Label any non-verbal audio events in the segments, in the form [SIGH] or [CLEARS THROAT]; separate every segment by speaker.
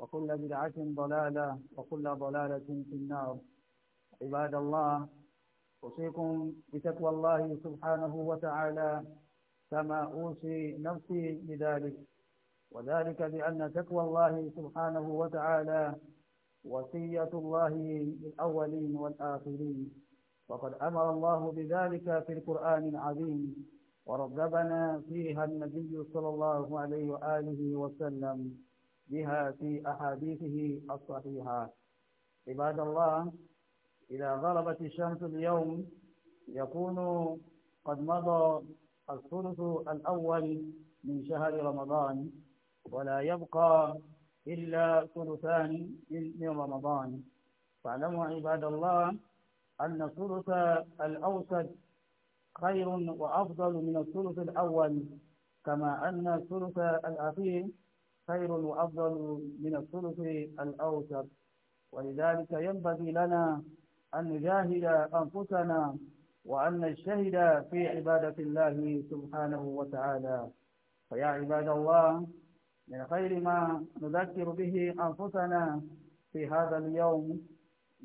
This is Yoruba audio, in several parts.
Speaker 1: وكل بدعة ضلالة وكل ضلالة في النار عباد الله أوصيكم بتقوى الله سبحانه وتعالى كما أوصي نفسي بذلك وذلك بأن تقوى الله سبحانه وتعالى وصية الله للأولين والآخرين وقد أمر الله بذلك في القرآن العظيم ورغبنا فيها النبي صلى الله عليه وآله وسلم بها في أحاديثه الصحيحة عباد الله إذا غربت الشمس اليوم يكون قد مضى الثلث الأول من شهر رمضان ولا يبقى إلا ثلثان من رمضان فاعلموا عباد الله أن الثلث الأوسط خير وأفضل من الثلث الأول كما أن الثلث الأخير خير وأفضل من الثلث الأوسط ولذلك ينبغي لنا أن نجاهد أنفسنا وأن نجتهد في عبادة الله سبحانه وتعالى فيا عباد الله من خير ما نذكر به أنفسنا في هذا اليوم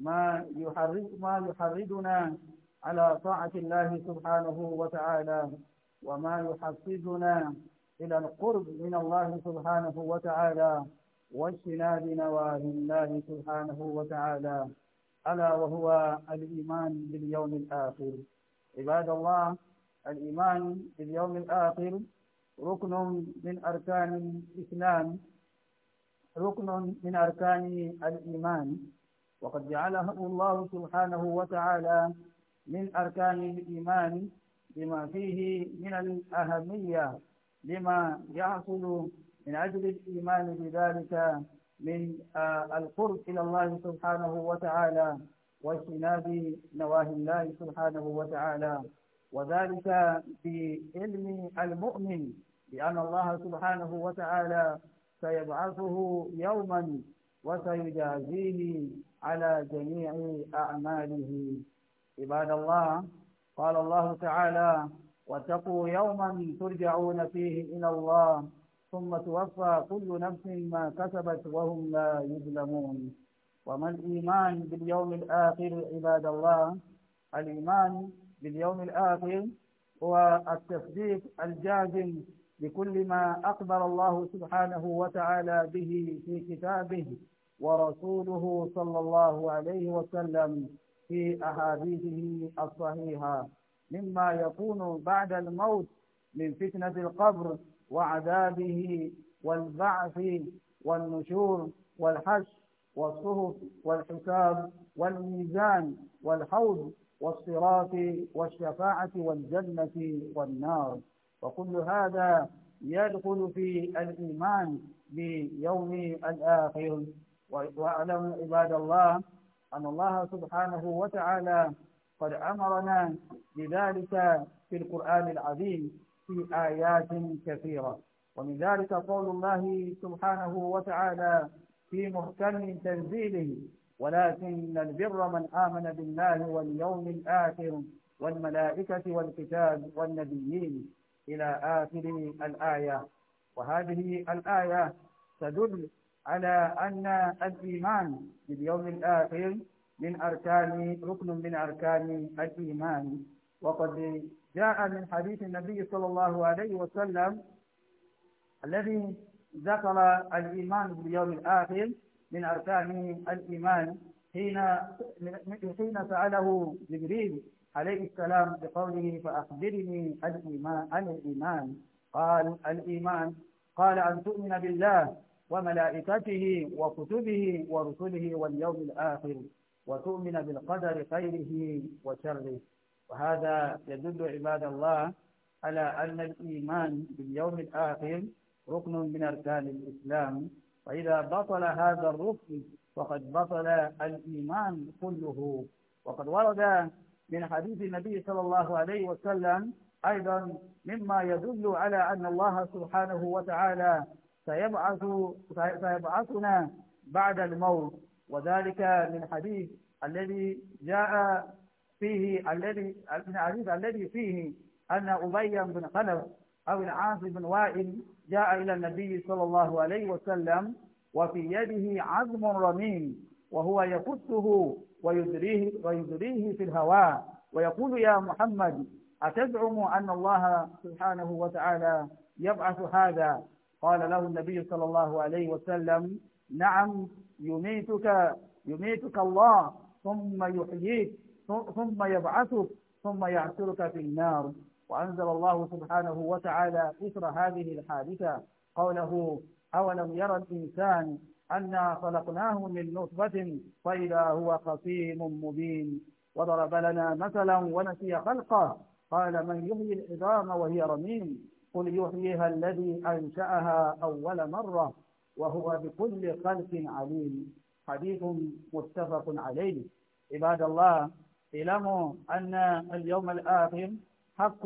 Speaker 1: ما يحرك ما يحرضنا على طاعة الله سبحانه وتعالى وما يحفزنا إلى القرب من الله سبحانه وتعالى واجتناب نواهي الله سبحانه وتعالى ألا وهو الإيمان باليوم الآخر عباد الله الإيمان باليوم الآخر ركن من أركان الإسلام ركن من أركان الإيمان وقد جعله الله سبحانه وتعالى من أركان الإيمان بما فيه من الأهمية لما يحصل من أجل الإيمان بذلك من آه، القرب إلى الله سبحانه وتعالى واجتناب نواهي الله سبحانه وتعالى وذلك بعلم المؤمن بأن الله سبحانه وتعالى سيبعثه يوما وسيجازيه على جميع أعماله عباد الله قال الله تعالى واتقوا يوما ترجعون فيه إلى الله ثم توفى كل نفس ما كسبت وهم لا يظلمون وما الإيمان باليوم الآخر عباد الله الإيمان باليوم الآخر هو التصديق الجازم بكل ما أخبر الله سبحانه وتعالى به في كتابه ورسوله صلى الله عليه وسلم في أحاديثه الصحيحة مما يكون بعد الموت من فتنة القبر وعذابه والبعث والنشور والحش والصهف والحساب والميزان والحوض والصراط والشفاعة والجنة والنار وكل هذا يدخل في الإيمان بيوم الآخر واعلموا عباد الله أن الله سبحانه وتعالى قد أمرنا بذلك في القرآن العظيم في آيات كثيرة ومن ذلك قول الله سبحانه وتعالى في محكم تنزيله ولكن البر من آمن بالله واليوم الآخر والملائكة والكتاب والنبيين إلى آخر الآية وهذه الآية تدل على أن الإيمان باليوم الآخر من أركان ركن من أركان الإيمان وقد جاء من حديث النبي صلى الله عليه وسلم الذي ذكر الإيمان باليوم الآخر من أركان الإيمان حين حين سأله جبريل عليه السلام بقوله فأخبرني الإيمان عن الإيمان قال الإيمان قال أن تؤمن بالله وملائكته وكتبه ورسله واليوم الآخر وتؤمن بالقدر خيره وشره وهذا يدل عباد الله على أن الإيمان باليوم الآخر ركن من أركان الإسلام وإذا بطل هذا الركن فقد بطل الإيمان كله وقد ورد من حديث النبي صلى الله عليه وسلم أيضا مما يدل على أن الله سبحانه وتعالى سيبعث سيبعثنا بعد الموت وذلك من حديث الذي جاء فيه الذي من حديث الذي فيه أن أبي بن خلف أو العاص بن وائل جاء إلى النبي صلى الله عليه وسلم وفي يده عظم رميم وهو يقصه ويدريه, ويدريه في الهواء ويقول يا محمد أتزعم أن الله سبحانه وتعالى يبعث هذا قال له النبي صلى الله عليه وسلم نعم يميتك يميتك الله ثم يحييك ثم يبعثك ثم يعثرك في النار وأنزل الله سبحانه وتعالى إثر هذه الحادثة قوله أولم يرى الإنسان أنا خلقناه من نطفة فإذا هو خصيم مبين وضرب لنا مثلا ونسي خلقه قال من يحيي العظام وهي رميم قل يحييها الذي أنشأها أول مرة وهو بكل خلق عليم حديث متفق عليه عباد الله اعلموا أن اليوم الآخر حق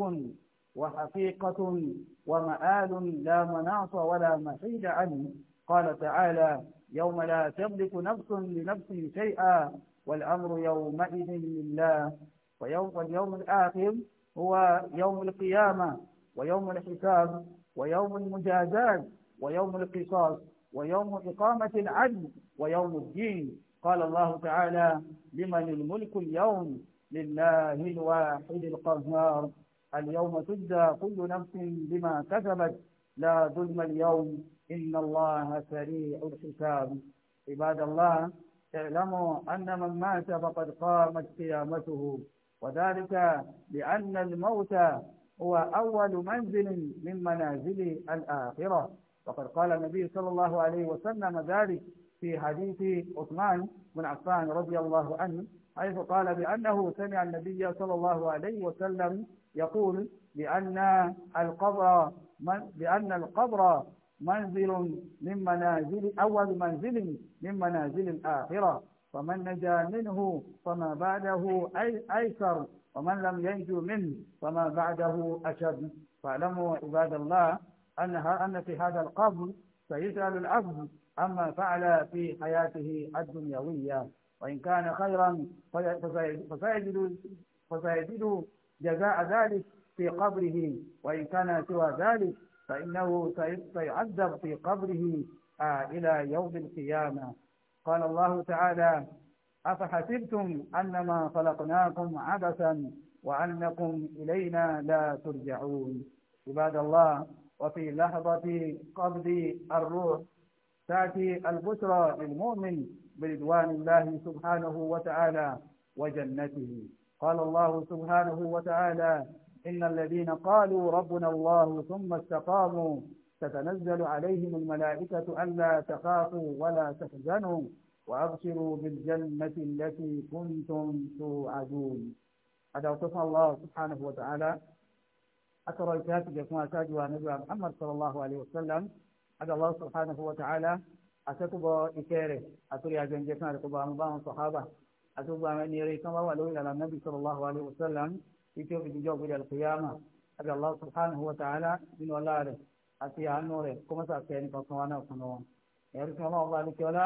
Speaker 1: وحقيقة ومآل لا مناص ولا محيد عنه قال تعالى يوم لا تملك نفس لنفس شيئا والأمر يومئذ لله ويوم اليوم الآخر هو يوم القيامة ويوم الحساب ويوم المجازات ويوم القصاص ويوم إقامة العدل ويوم الدين قال الله تعالى لمن الملك اليوم لله الواحد القهار اليوم تجزى كل نفس بما كسبت لا ظلم اليوم إن الله سريع الحساب عباد الله اعلموا أن من مات فقد قامت قيامته وذلك لأن الموت هو أول منزل من منازل الآخرة فقد قال النبي صلى الله عليه وسلم ذلك في حديث عثمان بن عفان رضي الله عنه حيث قال بأنه سمع النبي صلى الله عليه وسلم يقول بأن القبر من بأن القبر منزل من منازل أول منزل من منازل الآخرة فمن نجا منه فما بعده أيسر ومن لم ينجو منه فما بعده أشد فاعلموا عباد الله أنها أن في هذا القبر سيسأل العبد عما فعل في حياته الدنيوية وإن كان خيرا فسيجد فسيجد جزاء ذلك في قبره وإن كان سوى ذلك فإنه سيعذب في قبره آه، إلى يوم القيامة قال الله تعالى أفحسبتم أنما خلقناكم عبثا وأنكم إلينا لا ترجعون عباد الله وفي لحظة قبض الروح تأتي البشرى للمؤمن برضوان الله سبحانه وتعالى وجنته قال الله سبحانه وتعالى إن الذين قالوا ربنا الله ثم استقاموا تتنزل عليهم الملائكة ألا تخافوا ولا تحزنوا وأبشروا بالجنة التي كنتم توعدون هذا وصف الله سبحانه وتعالى atọrọ ìfẹ́ àtijọ́ fún aṣáájú wa níbi muhammad sallallahu alayhi wa sallam adàlọ́ subhanahu wa ta'ala àtẹ́kùbọ̀ ìfẹ́ rẹ̀ àtúrí àjẹjẹ fún àtẹ́kùbọ̀ àwọn báwọn sọ̀hábà àtẹ́kùbọ̀ àwọn ẹni eré kan bá wà lórí ìlànà nàbì sallallahu alayhi wa sallam títí ó fi jíjọ́ gbé alqiyama adàlọ́ subhanahu wa ta'ala nínú ọlá rẹ̀ àti àánú rẹ̀ kọ́mọ́sà fẹ́ni kankan wa náà fún wọn. ẹ̀rí fún ọlọ́wọ́ bá alikẹ́ọ́lá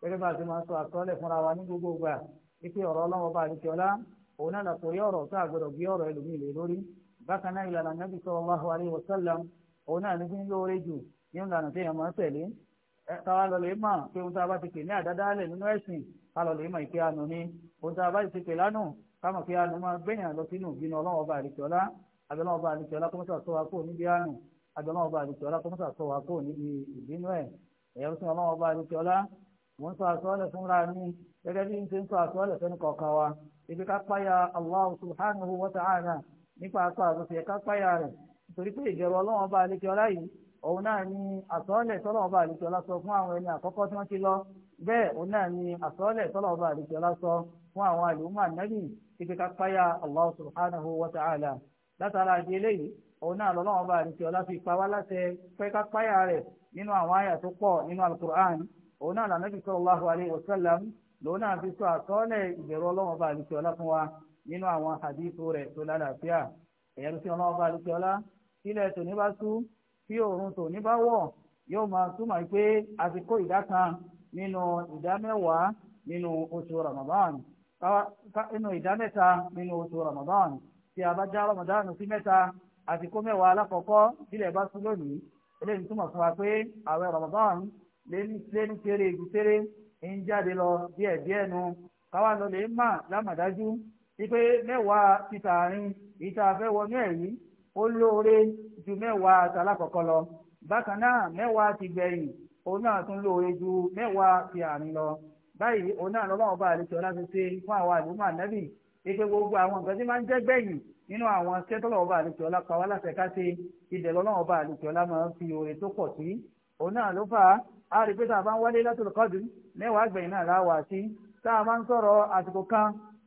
Speaker 1: gẹ́gẹ́ bá a ti máa sọ àkọọ́lẹ̀ fúnra wa ní gbogbo ìgbà wípé ọ̀rọ̀ ọlọ́wọ́ bá alikẹ́ọ́lá òun náà làkòrí ọ̀rọ̀ tá a gbọdọ̀ gbé ẹlòmíì lé lórí bákan náà ìlànà nàbì sallallahu alaihi wasallam òun náà ní fi ń lóore jù nínú ìlànà tí èèyàn máa ń tẹ̀lé táwa lọ lè mọ̀ pé ohun tá a bá ti pè ní àdádálẹ̀ nínú ẹ̀sìn ká lọ lè mọ̀ ìpè àánú ni ohun tá a bá ti pè lánàá kámọ̀ pé àánú máa gbẹ̀yàn lọ sínú ìbínú ọlọ́wọ́ bá àdìsọ́lá àbẹ̀lọ́wọ́ bá àdìsọ́lá kọ́mọ́sà tó wa kó níbi àánú àbẹ̀lọ́wọ́ bá àdìsọ́lá kọ́mọ́sà tó wa kó níbi ìbínú ẹ̀ ẹ̀yọ́ sún ọlọ́wọ́ bá àdìsọ́lá mò ń sọ àsọ́ọ́lẹ̀ fúnra mi gẹ́gẹ́ bí n ṣe ń sọ àsọ́ọ́lẹ̀ fẹ́ni kọ̀ọ̀kan wa ibi ká páyà Allah subhanahu wa ta'ala nípa apá àtúnṣe ẹ̀ka páyà rẹ̀ nítorí pé ìbẹ̀rù ọlọ́run ọba àlejò ọlá yìí òun náà ni àsọ́ọ̀lẹ̀ tọ́lọ̀ ọba àlejò sọ fún àwọn ẹni àkọ́kọ́ tí wọ́n ti lọ bẹ́ẹ̀ òun náà ni àsọ́ọ̀lẹ̀ tọ́lọ̀ ọba àlejò sọ fún àwọn àlùmọ́ ànábì kíkẹ́ ká páyà Allah subhanahu nínú àwọn àdìsó rẹ̀ tó lálàáfíà ẹ̀yẹ́rú sí ọlọ́wọ́ bá lókè ọlá sílẹ̀ tòní bá sú tí òòrùn tòní bá wọ̀ yóò máa túmọ̀ pé àsìkò ìdá kan nínú ìdá mẹ́wàá nínú oṣù Ramadan nínú ìdá mẹ́ta nínú oṣù Ramadan tí a bá já Ramadan sí mẹ́ta àsìkò mẹ́wàá alákọ̀ọ́kọ́ sílẹ̀ bá sú lónìí eléyìí túmọ̀ fún wa pé àwẹ̀ Ramadan lẹ́nu kéré ìgbésẹ̀rẹ̀ ń jáde lọ díẹ̀díẹ̀ nu káwá lọ lè má lámàdájú ipe mẹ́wàá títà àárín ìta fẹ́ wọnú ẹ̀mí ó lóore ju mẹ́wàá tàlákọ̀kọ́ lọ bákan náà mẹ́wàá ti gbẹ̀yìn òun náà tún lóore ju mẹ́wàá ti àárín lọ báyìí òun náà lọ́wọ́ ọba àlejò ọlásẹsẹ fún àwọn àlùmọ́ ànábì ipe gbogbo àwọn nǹkan tí máa ń jẹ́ gbẹ̀yìn nínú àwọn akẹ́tọ̀lọ́ ọba àlejò ọlá pa wá láṣẹ káṣe ìdẹ̀lọ́lọ́wọ́ ọba àlejò ọlá máa ń fi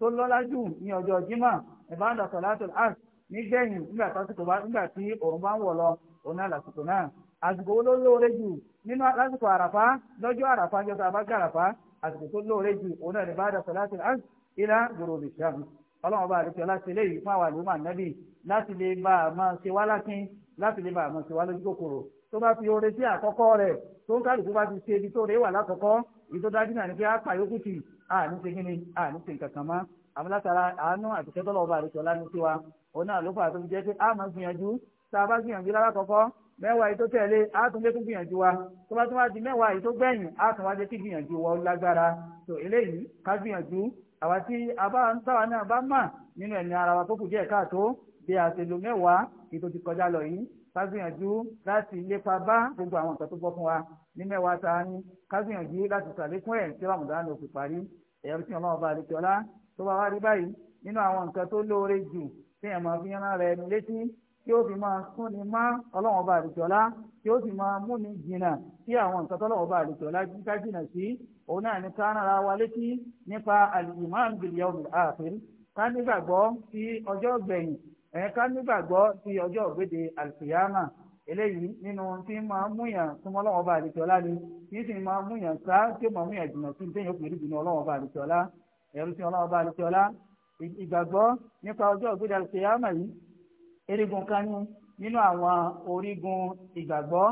Speaker 1: tó lọ́lá jù ní ọjọ́ jimá ìbáńdà sọ̀látò àt nígbẹ̀yìn nígbà tí òun bá ń wọ̀ lọ òun náà lásìkò náà àsìkò wo ló lóore jù nínú lásìkò àràfá lọ́jọ́ àràfá jọ tá a bá gé àràfá àsìkò tó lóore jù òun náà ìbáńdà sọ̀látò àt ilá gbòòrò bìṣàm ọlọ́run bá àdúgbò láti lè yí fún àwọn àlùmọ́ ànábì láti lè bá a máa ṣe wá lákín láti lè bá a máa ṣe wá lójú kòkòrò tó bá fi oore sí àkọ́kọ́ rẹ̀ tó ń kálukú bá ti ṣe ibi tó rẹ̀ wà lákọ̀ọ́kọ́ ìtọ́jú náà ni pé á pàyókù tì àní ṣe kíni àní ṣe nǹkan kan mọ́ àmọ́ látara àánú àtìṣẹ́ tọ́lọ̀ ọba àrùsọ lánàá sí wa òun náà ló fà tó fi jẹ́ pé á máa gbìyànjú tá a bá gbìyànjú lára kọ́kọ́ mẹ́wàá yìí tó tẹ̀lé á tún lé tún gbìyànjú wa tó bá tún wá di mẹ́wàá yìí tó gbẹ̀yìn á tún wá dé kí gbìyànjú wa ó lágbára tó eléyìí ká gbìyànjú àwa tí táwa náà bá mà nínú ẹ̀mí ara wa tó kù díẹ̀ káàtó bí a ṣe lo mẹ́wàá ètò ti kọjá lọ yìí ká gbìyànjú láti lépa bá gbogbo àwọn nǹkan tó bọ́ fún wa ní mẹ́wàá tá a ní kágbìyànjú láti sàlékún ẹ̀ tí ramadan ò fi parí ẹ̀yà bí tí ọlọ́run bá rí kíọ́lá tó bá wá rí báyìí nínú àwọn nǹkan tó lóore jù tí ẹ̀ máa fi yánná rẹ̀ ẹnu létí tí ó fi máa súnni má ọlọ́run bá rí kíọ́lá tí ó fi máa múni jìnnà sí àwọn nǹkan tó lọ́wọ́ bá rí kíọ́lá jíjá jìnnà sí òun náà ní ká nára wa létí nípa al-iman bil ká nígbàgbọ́ sí ọjọ́ gbẹ̀yìn ẹ̀ ká nígbàgbọ́ sí ọjọ́ ògbéde al eléyìí nínú tí máa mú yàn súnmọ́ ọlọ́wọ́n bá àdìsí ọlá ni kì í sì máa mú yàn sá tí máa mú yàn jìnnà sí ní téèyàn pèrè jìnnà ọlọ́wọ́n bá àdìsí ọlá ẹ̀rú sí ọlọ́wọ́n bá àdìsí ọlá ìgbàgbọ́ nípa ọjọ́ ògbéjà kìyàmà yìí erigun kan ní nínú àwọn orígun ìgbàgbọ́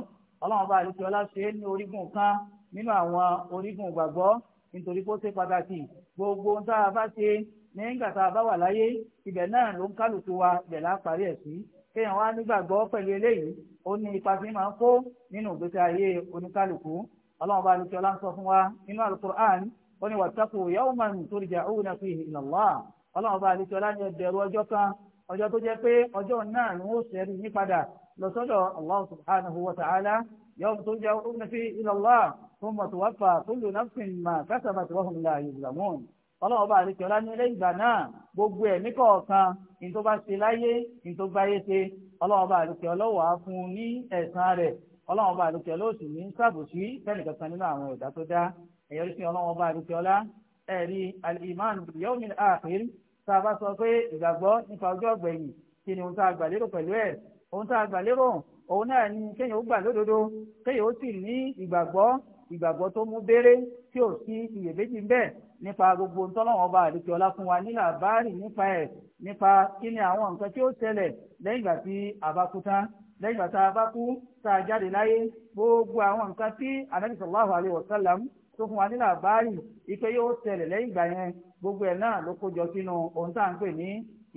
Speaker 1: ọlọ́wọ́n bá àdìsí ọlá ṣe é ní orígun kan nínú àwọn orígun ìgbàgbọ́ nítorí kó ṣe pàtàkì gbogbo ohun tá a bá ṣe nígbà tá a bá wà láyé ibẹ̀ náà ló ń kálukú wa ibẹ̀ láà parí ẹ̀ sí kéèyàn wá nígbàgbọ́ pẹ̀lú eléyìí ó ní ipa tí máa ń kó nínú ìgbésí ayé oníkálukú ọlọ́run bá lùkẹ́ ọlá ń sọ fún wa nínú alukur'an ó ní wàtàkù yawman turja'una fihi ila Allah ọlọ́run bá lùkẹ́ ọlá ní ọjọ́ kan ọjọ́ tó jẹ́ pé ọjọ́ náà ni wọ́n sẹ́rí yí lọ sọ́dọ̀ Allah subhanahu wa ta'ala yawman turja'una fihi ila Allah thumma tuwaffa kullu nafsin ma kasabat wa hum la ọlọ́run bá àlejò ọlá ní lẹ́yìn ìgbà náà gbogbo ẹ̀mí kọ̀ọ̀kan ní tó bá ṣe láyé ní tó báyé ṣe ọlọ́run bá àlejò ọlọ́wọ́ á fún un ní ẹ̀san rẹ̀ ọlọ́run bá àlejò ọlọ́sùn ní sàbòsí fẹ́nìkankan nínú àwọn ẹ̀dá tó dá ẹ̀yọ́ sí ọlọ́run bá àlejò ọlá ẹ̀rí al-iman bil tá a bá sọ pé ìgbàgbọ́ nípa ọjọ́ ọ̀gbẹ̀yìn kí ni ohun tá a gbà ni kéèyàn ó gbà lódodo kéèyàn ó sì ò nípa gbogbo ntọ́lọ́wọ́n bá àdìkẹ́ ọlá fún wa nílà báárì nípa ẹ̀ nípa kí ni àwọn nǹkan tí ó ṣẹlẹ̀ lẹ́yìn ìgbà tí a bá kú tán lẹ́yìn ìgbà tá a bá kú tá a jáde láyé gbogbo àwọn nǹkan tí anabi sallallahu alayhi wa sallam tó fún wa nílà báárì ipe yóò ṣẹlẹ̀ lẹ́yìn ìgbà yẹn gbogbo ẹ̀ náà ló kójọ sínú ohun tá à ń pè ní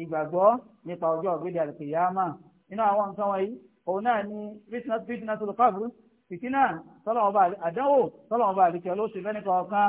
Speaker 1: ìgbàgbọ́ nípa ọjọ́ ọ̀gbẹ́dẹ àlùkìyàmà nínú àwọn nǹkan wọ̀nyí òun náà ni business business tó lọ fàbùrù fìtínà tọ́lọ́wọ́n bá àdánwò tọ́lọ́wọ́n bá àdìkẹ́ ló ṣe fẹ́ nípa ọ̀kan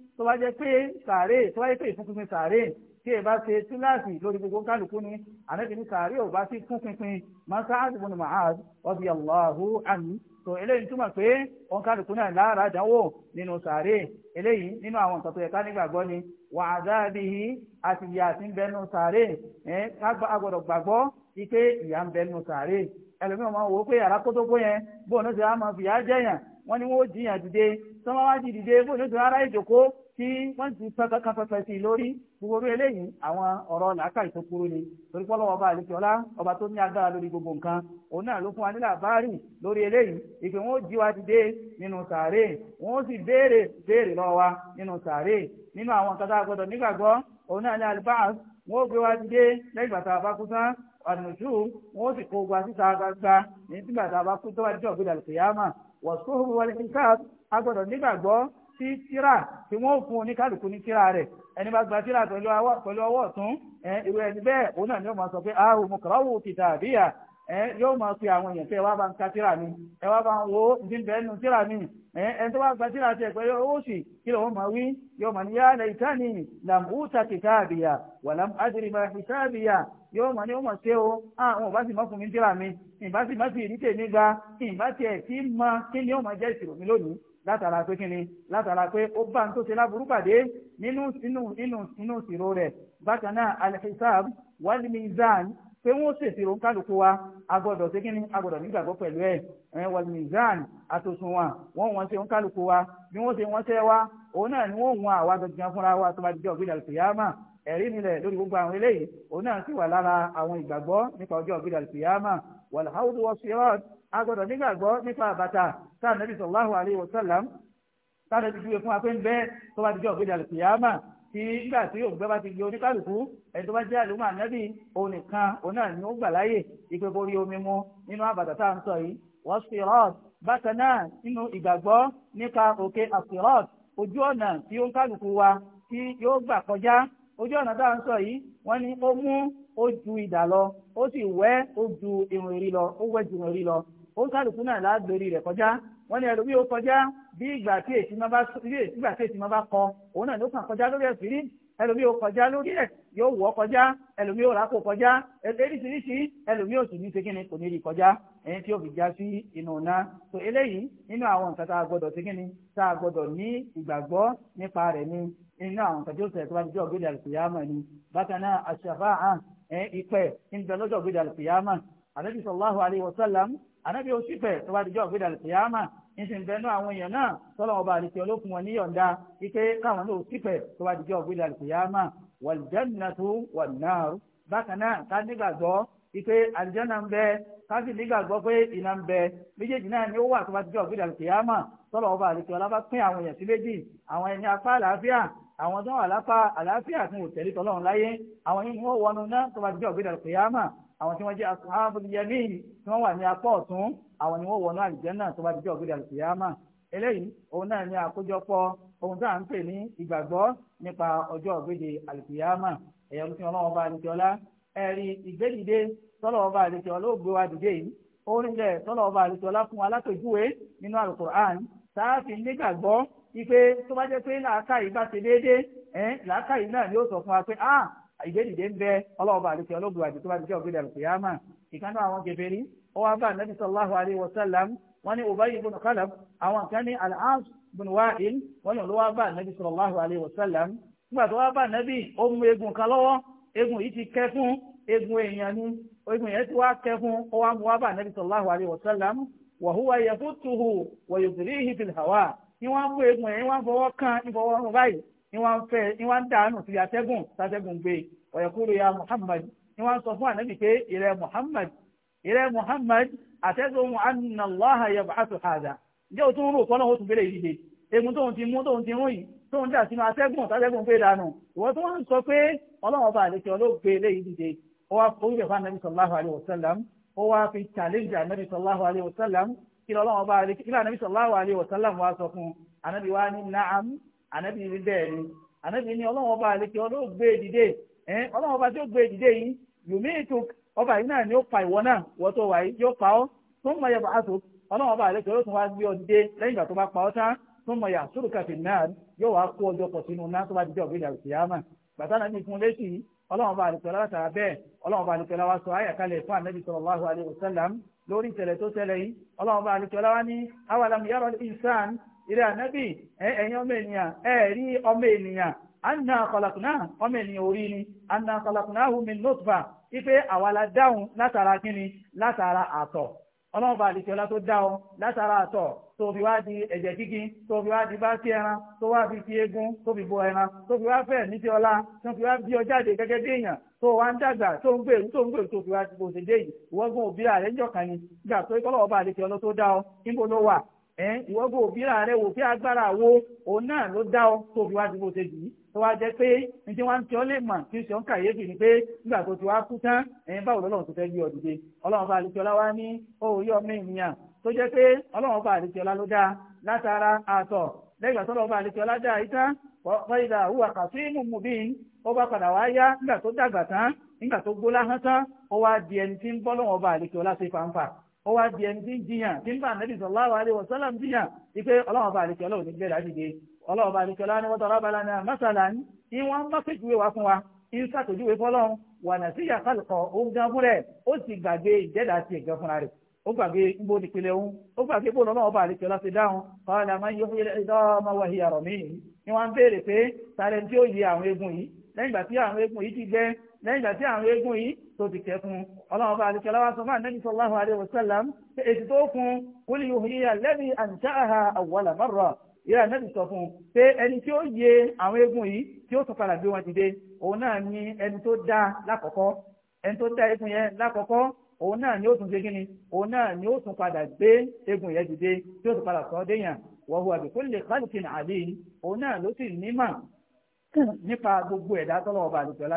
Speaker 1: tó bá jẹ́ pé sàárè tó bá jẹ́ pé ìfúnpinpin sàárè tí ẹ bá ṣe túláàsì lórí gbogbo kálukú ni ànábì ní sàárè ò bá sí fúnpinpin Sa'ad ibn Mu'adh radiyallahu anhu tó eléyìí túmọ̀ pé òun kálukú náà lára àdánwò nínú sàárè eléyìí nínú àwọn nǹkan tó yẹ ká nígbàgbọ́ ni wà á dábì yìí àti ìyá àti ń bẹnu sàárè ẹ a gbọ́dọ̀ gbàgbọ́ wípé ìyá ń bẹnu sàárè ẹlòmíràn máa wò ó pé yàrá kótópó yẹn bóun ló ti á máa tí wọ́n ti pẹ́pẹ́pẹ́pẹ́ sí lórí gbogbo eléyìí àwọn ọ̀rọ̀ làákà ìtòkúrú ni torí pé ọlọ́wọ́ ọba àlejò ọlá ọba tó ní agbára lórí gbogbo nǹkan òun náà ló fún wa ní làbárì lórí eléyìí ìpè wọn ó jí wa ti dé nínú sàárè wọn ó sì béèrè béèrè lọ́wọ́ wa nínú sàárè nínú àwọn nǹkan tá a gbọdọ̀ nígbàgbọ́ òun náà ní alibas wọn ó gbé wa ti dé lẹ́yìn ìgbà tá a bá kú tán àdùnnùjú wọn ó sì kó gba síta gbangba nígbà tá a bá kú sí tíra tí wọ́n fún oníkálukú ní tíra rẹ̀ ẹni bá gba tíra pẹ̀lú ọwọ́ ọ̀tún ìwé ẹni bẹ́ẹ̀ òun náà ni ó máa sọ pé àwọn mọ̀kàláwò kìtà àbíyà yóò máa fi àwọn èèyàn pé ẹ wá bá ń ka tíra mi ẹ wá bá ń wo ìdínbẹ́ nínú tíra mi ẹni tó wá gba tíra tiẹ̀ pẹ̀lú owó sì kí lóun máa wí yóò máa ní yá lẹ́yìn tání làm úta kìtà àbíyà wà làm ádìrìmà kìtà àbíyà yóò máa ní ó ṣe o àwọn ò bá sì máa fún mi tíra mi ìbá sì máa fi ìdí tèmi gba ìbá tiẹ̀ tí máa kí ni ó máa jẹ́ ìṣirò mi lónìí látara pé kíni látara pé ó bá ń tó ṣe láburú pàdé nínú inú inú inú ìṣirò rẹ̀ bákan náà alhisab wal mizan pé wọn ó ṣèṣirò kálukú wa agbọ́dọ̀ ṣe kíni agbọ́dọ̀ nígbàgbọ́ pẹ̀lú ẹ wal mizan àtòsùnwọ̀n wọn wọn ṣe ń kálukú wa bí wọn ṣe wọn ṣe wa òun náà ni wọn wọn àwa gangan fúnra wa tó bá dijọ gbé dàlùkìyàmà ẹ̀rí nílẹ̀ lórí gbogbo àwọn eléyìí òun náà sì wà lára àwọn ìgbàgbọ́ nípa ọjọ́ gbé dàlùkìyàmà a gbọ́dọ̀ nígbàgbọ́ nípa àbàtà táà nàbì sallallahu alayhi wa sallam táà nàbì júwe fún wa pé ń bẹ́ tó bá ti jẹ́ ògbéjà lè kìyàmà tí nígbà tí òǹgbẹ́ bá ti gbé oníkálukú ẹni tó bá jẹ́ àlùmọ́ ànábì òun nìkan òun náà ni ó gbà láàyè ìpè borí omi mu nínú àbàtà tá à ń sọ yìí wọ́n sirat bákan náà nínú ìgbàgbọ́ nípa òkè àsirat ojú ọ̀nà tí ó ń kálukú wa tí yóò gbà kọjá ojú ọ̀nà tá ń sọ yìí wọ́n ní ó mú ó ju idà lọ ó sì wẹ́ ó ju irun èrí lọ ó wẹ́ ju irun èrí lọ ó kálukú náà lágbèrè rẹ̀ kọjá wọ́n ní ẹlòmíì ó kọjá bí ìgbà tí èsì máa bá kọ òun náà ló kàn kọjá lórí ẹ̀sìn rí ẹlòmíì ó kọjá lórí ẹ̀ yóò wọ́ kọjá ẹlòmíì ó rákò kọjá eréṣiríṣi ẹlòmíì ó sì ní segínni kò ní rí kọjá ẹni tí ó fi já sí inú ọ̀nà tó eléyìí nínú àwọn nǹkan tá a gbọdọ̀ segínni tá a gbọdọ̀ ní ìgbàgbọ́ nípa rẹ̀ ni inú àwọn nǹkan tí ó sẹ̀ tó bá ti jọ́ ògbéde àlùkìyàmà ni bákan náà àṣàfà ìpẹ́ ń bẹ lọ́jọ́ ògbéde àlùkìyàmà àlẹ́bí sallallahu alaihi wasallam ànábì ó sì fẹ̀ tó bá dijọ́ ògbéda lẹ́yàmà nísìnyí bẹ́ẹ̀ náà àwọn èèyàn náà tọ́lọ́ ọba àdìsí olókùn wọn ní yọ̀ǹda ike káwọn náà ó sì fẹ̀ tó bá dijọ́ ògbéda lẹ́yàmà wàlìjẹ́nìnàtú wàlìnàrú bákan náà ká ike àlìjẹ́nà ń bẹ ká sì pé iná ń bẹ méjèèjì náà ni ó wà tó bá dijọ́ ògbéda lẹ́yàmà tọ́lọ̀ ọba àdìsí ọlá bá pín àwọn èèyàn sí méjì àwọn ẹni apá àlàáfíà àwọn tó wà lápá àlàáfíà fún òtẹ̀lítọ́lọ́run àwọn tí wọ́n jẹ́ ashabul yamin tí wọ́n wà ní apá ọ̀tún àwọn ni wọ́n wọnú àlùjánnà tó bá dijọ́ ògbédè àlùkìyámà eléyìí òun náà ni àkójọpọ̀ ohun tá à ń pè ní ìgbàgbọ́ nípa ọjọ́ ògbédè àlùkìyámà ẹ̀yọ́ ló fi ọlọ́wọ́ bá àdìjọ́lá ẹ̀rí ìgbédìde tọ́lọ́wọ́ bá àdìjọ́lá ó gbé wa dìde yìí orílẹ̀ tọ́lọ̀ ọba àlùtọ́lá fún alátòjúwe nínú alukur'an sáàfin nígbàgbọ́ ipe tó bá jẹ́ pé làákàyè bá ṣe déédé ẹ̀ làákàyè náà ni ó sọ fún wa pé ah ìgbédìde ń bẹ ọlọ́ọ̀bà àlùkẹ́ olóògùn àjò tó bá ti jẹ́ ògbédè àlùkìyámà ìkánú àwọn kèfèrí ó wá bá nàbì sallallahu alayhi wa sallam wọ́n ní Ubay ibn Khalaf àwọn kan ní al-As ibn Wa'il wọ́n ní olówó bá nàbì sallallahu alayhi wa sallam nígbà tó wá bá nàbì ó mú egun kan lọ́wọ́ egun yìí ti kẹ́ fún egun èèyàn ni egun yẹn ti wá kẹ́ fún ó wá mú wá bá nàbì sallallahu alayhi wa sallam ni wọ́n ń dànù sí atẹ́gùn sátẹ́gùn gbé ọ̀yẹ̀kúrò ya muhammad ni wọ́n sọ fún ànábì pé ìrẹ́ muhammad ìrẹ́ muhammad àtẹ́gùn anna allaha yab'athu hadha ǹjẹ́ o tún rò kọ́nà ó tún bẹ̀rẹ̀ ìdíje egun tóun ti mú tóun ti rún yìí tóun dà sínú atẹ́gùn sátẹ́gùn gbé dànù ìwọ tó wọ́n sọ pé ọlọ́run ọba àlejò ọlọ́gbé lé ìdíje ó wá orúkẹ̀ fún ànábì sallallahu alayhi wa sallam ó wá fi challenge ànábì sallallahu alayhi wa sallam kí lọ́lọ́run ọba àlejò kí ànábì rí bẹ́ẹ̀ ni ànábì ní ọlọ́run ọba àlekè ọlọ́run gbé e dìde ọlọ́run ọba tí ó gbé e dìde yìí yomi ètò ọba yìí náà ni ó pa ìwọ náà wọ́n tó wà yìí yóò pa ọ́ tó ń mọ yẹba aṣọ ọlọ́run ọba àlekè ọlọ́run wá gbé ọ dìde lẹ́yìn ìgbà tó bá pa ọ́ tán tó ń mọ yà sórí kàfé náà yóò wá kó ọjọ́ pọ̀ sínú náà tó bá dìde ọ̀gbìn àrùsíyámà bàtà náà ní fún létí ọlọ́run ọba àlekè ọlọ́run tàbá bẹ́ẹ̀ ọlọ́run ọba àlekè ọlọ́run wá sọ àyàkálẹ̀ fún ànábì sallallahu alaihi wasallam lórí ìṣẹ̀lẹ̀ tó ṣẹlẹ̀ yìí ọlọ́run bá àlùkò ọlọ́wà ní awalam yara al ìrẹ́ ànábì ẹ̀yin ọmọ ènìyàn ẹ̀ẹ̀rí ọmọ ènìyàn anna kọlàkùnà ọmọ ènìyàn orí ni anna kọlàkùnà min nutfa ife àwàlá dáhùn látara kíni látara àtọ̀ ọlọ́run bá to tó ọ látara àtọ̀ tó fi wá di ẹ̀jẹ̀ kíkí tó fi wá di bá sí ẹran tó wá fi fi eegun tó fi bo ẹran tó fi wá ní ti ọ gẹ́gẹ́ èèyàn ìwọ́gbọ́ òbí rà rẹ̀ wò pé agbára wo òun náà ló dá ọ tó fi wá dúró ṣe tó wá jẹ́ pé ní tí ń tí ọ lè mọ̀ tí n ṣe ń ni pé nígbà tó ti ọ dìde ọlọ́run ọlá wá ní ọmọ ènìyàn tó jẹ́ pé ọlọ́run ọlá ló látara àtọ̀ lẹ́gbàá ọlá àwùwà ó bá padà wá yá nígbà tó dàgbà tán nígbà tó tán ó wá di ẹni tí ó wá di ẹni tí ń jiyàn tí ń bá ànábì sallallahu alaihi wasallam jiyàn wípé ọlọ́run àlekẹ́ ọlọ́run ní wọ́n bala náà mọ́sálà ní wa fún wa ń sàtòjúwe fọlọ́run wà nà sí yàtọ̀ òun gan fún rẹ̀ ó sì gbàgbé ìjẹ́dá sí ẹ̀gán fúnra rẹ̀ ó gbàgbé níbo ó gbàgbé lọ́nà ọba àlekẹ́ lẹ́yìn ìgbà tí àwọn eégún yìí tó ti kẹ́ fún ọlọ́run bá àdìkẹ́ lọ́wọ́ sọ fún ànábì pé èsì tó fún qul yuhyiha alladhi ansha'aha awwala marra ìyá ànábì sọ fún pé ẹni tí ó yẹ àwọn eégún yìí tí ó tún padà gbé wọn dìde òun náà ni ẹni tó dá lákọ̀ọ́kọ́ ẹni tó dá eégún yẹn lákọ̀ọ́kọ́ òun náà ni ó tún ṣe kí ni òun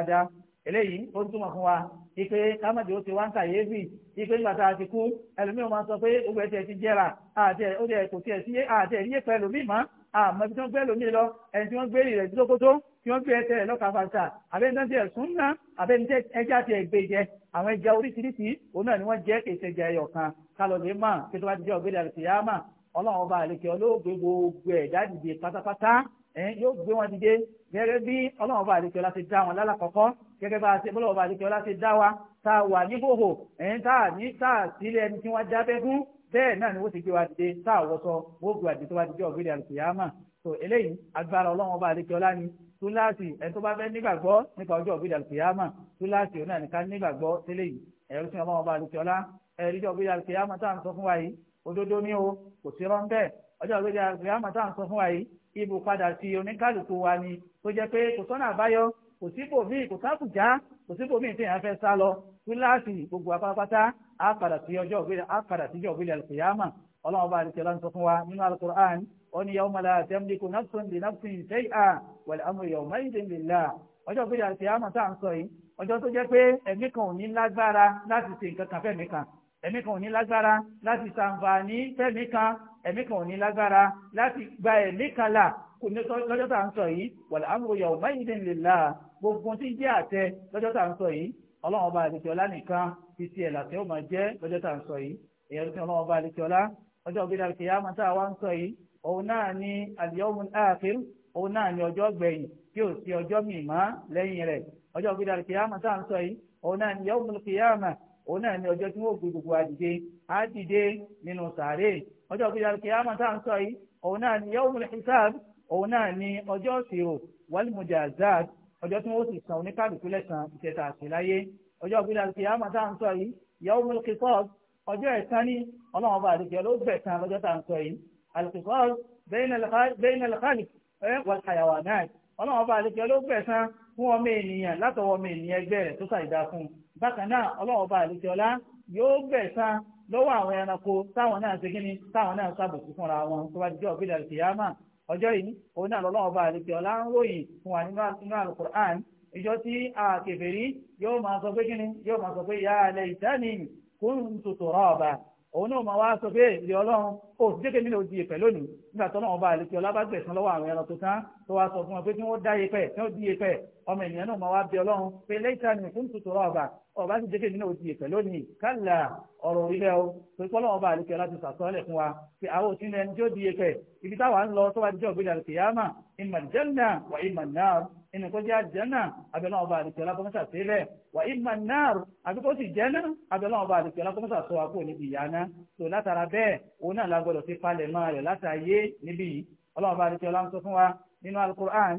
Speaker 1: náà ni eléyìí ó ń túmọ̀ fún wa ipe kámẹ́dì ó ti wá ń kàyéfì ipe nígbà tá a ti kú ẹlòmíràn máa sọ pé gbogbo ẹ̀ tiẹ̀ ti jẹ́ra àti ẹ̀ ó tiẹ̀ kò tiẹ̀ sí àti ẹ̀rí yẹpẹ̀ ẹlòmíì mọ́ àmọ́ ibi tí wọ́n gbé ẹlòmíì lọ ẹni tí wọ́n gbé rẹ̀ sí lókótó tí wọ́n gbé ẹsẹ̀ rẹ̀ lọ́ka fàṣà àbẹ́ni tí ẹ̀sùn ńlá àbẹ́ni tí ẹja ti ẹ̀gbẹ́ jẹ àwọn ẹja oríṣiríṣi òun náà ni wọ́n jẹ́ kèsè yóò gbé wọn dìde gẹ́gẹ́ bí ọlọ́run bá àdìkẹ́ ọlá ti dá wọn lálàkọ́kọ́ gẹ́gẹ́ bá ọlọ́run bá àdìkẹ́ ọlá ti dá wa tá wà ní gbòòhò tá a ní tá a sílẹ̀ ẹni tí wọ́n dábẹ́ fún bẹ́ẹ̀ náà ni wọ́n ti gbé wa dìde tá a wọ́sọ wọ́n gbé wa dìde tó bá dìde ọ̀gbẹ́lẹ̀ àlùkìyàmà tó eléyìí agbára ọlọ́run bá àdìkẹ́ ọlá ni túláàsì ẹni tó bá fẹ́ nígbàgbọ́ nípa ọjọ́ ọ̀gbẹ́lẹ̀ àlùkìyàmà túláàsì òun náà ni ká nígbàgbọ́ tẹ́lẹ̀ yìí ẹ̀rọ sí ọlọ́run bá àdìkẹ́ ọlá ẹ̀rí ọ̀gbẹ́lẹ̀ àlùkìyàmà tá à ń sọ fún wa yìí òdodo ni o kò sí rọ́ńbẹ́ ọjọ́ ọ̀gbẹ́lẹ̀ àlùkìyàmà tá à ń sọ fún wa yìí ibù padà sí oníkálukú wa ni tó jẹ́ pé kò sọ́nà àbáyọ kò síbò míì kò sábùjá kò síbò míì téèyàn fẹ́ sá lọ kíláàsì gbogbo apápátá á padà sí ọjọ́ òbílẹ̀ á padà síjọ́ òbílẹ̀ àlùkìyàmà ọlọ́run bá àdìsẹ́ láti sọ fún wa nínú alukur'an ó ní yawma la tamliku nafsun li nafsin shay'an wal amru yawma'idhin lillah ọjọ́ òbílẹ̀ àlùkìyàmà tá à ń sọ yìí ọjọ́ tó jẹ́ pé ẹ̀mí kan ò ní lágbára láti ṣe nǹkan kan fẹ́mi kan ẹ̀mí kan ò ní lágbára láti ṣàǹfààní fẹ́mi kan ẹ̀mí kan ò ní lágbára láti gba ẹ̀mí kan là kò ní lọ́jọ́ tá à ń sọ yìí wal amru yawmaidin lillah gbogbo tí jẹ́ àtẹ lọ́jọ́ tá à ń sọ yìí ọlọ́run ọba àlejò ọlá nìkan ti tiẹ̀ làtẹ́ ó máa jẹ́ lọ́jọ́ tá à ń sọ yìí èèyàn tí ọlọ́run ọba àlejò ọlá ọjọ́ òbí dàbí kìyà máa tá a wá ń sọ yìí òun náà ni al-yawmul akhir òun náà ni ọjọ́ gbẹ̀yìn tí ò sí ọjọ́ mìímá lẹ́yìn rẹ̀ ọjọ́ òbí dàbí kìyà ni yawmul qiyamah òun ni ọjọ́ tí wọ́n gbé ọjọ́ òkúta kìámà tá à ń sọ yìí òun náà ni yawmul hisab òun náà ni ọjọ́ ìṣirò wal mujazat ọjọ́ tí wọ́n sì san oníkàlùkù lẹ́sàn ìṣẹ̀tà àṣìláyé ọjọ́ òkúta kìámà tá à ń sọ yìí yawmul qisas ọjọ́ ẹ̀san ni ọlọ́run ọba àdìgbẹ́ ló gbẹ̀san lọ́jọ́ tá à ń sọ yìí al-qisas bayna al ọlọ́run ọba àdìgbẹ́ ló gbẹ̀san fún ọmọ lọ́wọ́ àwọn ẹranko táwọn náà ṣe kíni táwọn náà ṣàbòsí fúnra wọn tó bá jẹ́ ọ̀gbẹ́dà kìyàmà ọjọ́ yìí òun náà lọ́lọ́wọ́ bá àlejò ọ̀la ń ròyìn fún wa nínú alukur'an ìjọ tí àkèfèrí yóò máa sọ pé kíni yóò máa sọ pé ya òun náà máa wá sọ pé ọlọ́run o sì jẹ́kẹ́ nínú òdìyẹ pẹ̀ lónìí nígbà tó náà ọba àlejò ọlábàgbẹ̀sán lọ́wọ́ àwọn ẹran tó tán tó wá sọ fún wọn pé kí wọ́n dá iye pẹ̀ tí wọ́n di iye pẹ̀ ọmọ ènìyàn náà máa wá bí ọlọ́run pé lẹ́yìn ní fún tuntun ọba ọba sì jẹ́kẹ́ nínú òdìyẹ pẹ̀ lónìí kálá ọ̀rọ̀ orílẹ̀ o pé kọ́ lọ́wọ́ ọba àlejò láti sàtọ́lẹ̀ fún wa pé àwọn òsì ní ẹni tí ó di iye pẹ̀ ibi táwa ń lọ tó wá jẹ́ ògbéjà kìyàmà ìmọ̀ jẹ́nà wà ìmọ̀ náà inú kó jẹ́ àjẹ́nà abẹ́lẹ́ ọba àdìsí ọlákọ́mọ́sà sílẹ̀ wà ìmọ̀ náà àbí kó sì jẹ́nà abẹ́lẹ́ ọba àdìsí ọlákọ́mọ́sà sọ wa kó níbi ìyá náà tó látara bẹ́ẹ̀ òun náà gbọ́dọ̀ ti palẹ̀ mọ́ rẹ̀ látàyé níbí yìí ọlọ́run bá àdìsí ọlọ́run sọ fún wa nínú alukur'an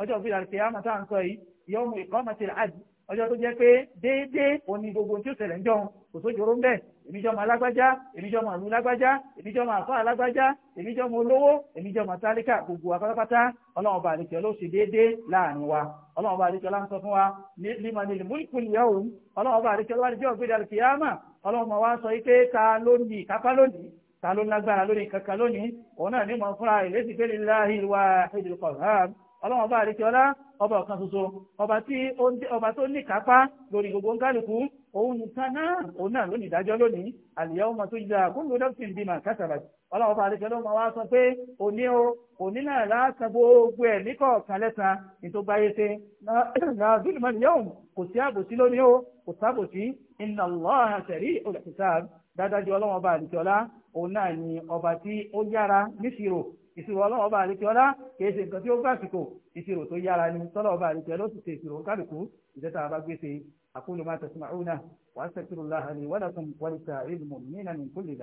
Speaker 1: ọjọ́ òfin àti àmọ́ tá à ń sọ yìí yawmu iqamati al-adl ọjọ́ tó jẹ́ pé déédéé òní gbogbo tí ó ṣẹlẹ̀ ń jọun kò sójoro ń bẹ̀ èmijọ́ ma lágbájá èmijọ́ ma lu lágbájá èmijọ́ ma fọ́ àlágbájá èmijọ́ ma olówó èmijọ́ ma tálíkà gbogbo àpátápátá ọlọ́run bá àdìsí ọlọ́run ṣe déédéé láàrin wa ọlọ́run bá àdìsí ọlọ́run sọ fún wa limanil mulkul yawm ọlọ́run bá àdìsí ọlọ́run bá àdìsí ọgbẹ́dàlùkìyàmà ọlọ́run ma wá sọ yìí pé ta lónìí kápá lónìí ta ló lágbára lórí kankan lónìí òun náà ní mọ̀ fúnra rẹ̀ lẹ́sìn pé lillahi al-wahid al-qahhar ọlọ́wọ́n bá àríkẹ́ ọlá ọba ọ̀kan ṣoṣo ọba tí ọba tó ní kápá lórí gbogbo ń kálukú òun nìkan náà òun náà lónìí ìdájọ́ lónìí al-yawma tujza kullu nafsin bima kasabat ọlọ́wọ́n bá àríkẹ́ ọlọ́wọ́n wá sọ pé òní o òní náà láàkà gbogbo ẹ̀ ní kọ̀ọ̀kan lẹ́sàn ètò báyé ṣe náà zulma al-yawm kò sí àbòsí lónìí o kò sábòsí inna Allaha sari'ul dáadáa ju ọlọ́wọ́n bá àríkẹ́ ọlá òun náà ni ọba tí ó yára níṣirò ìṣirò ọlọ́run ọba àlejò ọlá kì í ṣe nǹkan tí ó gbàsìkò ìṣirò tó yára ni tọ́lọ̀ ọba àlejò ọlá ó sì ṣe ìṣirò kálukú ìjẹta bá gbèsè aqulu ma tasma'una wa astaghfirullaha li wa lakum wa lisa'iril mu'minina min kulli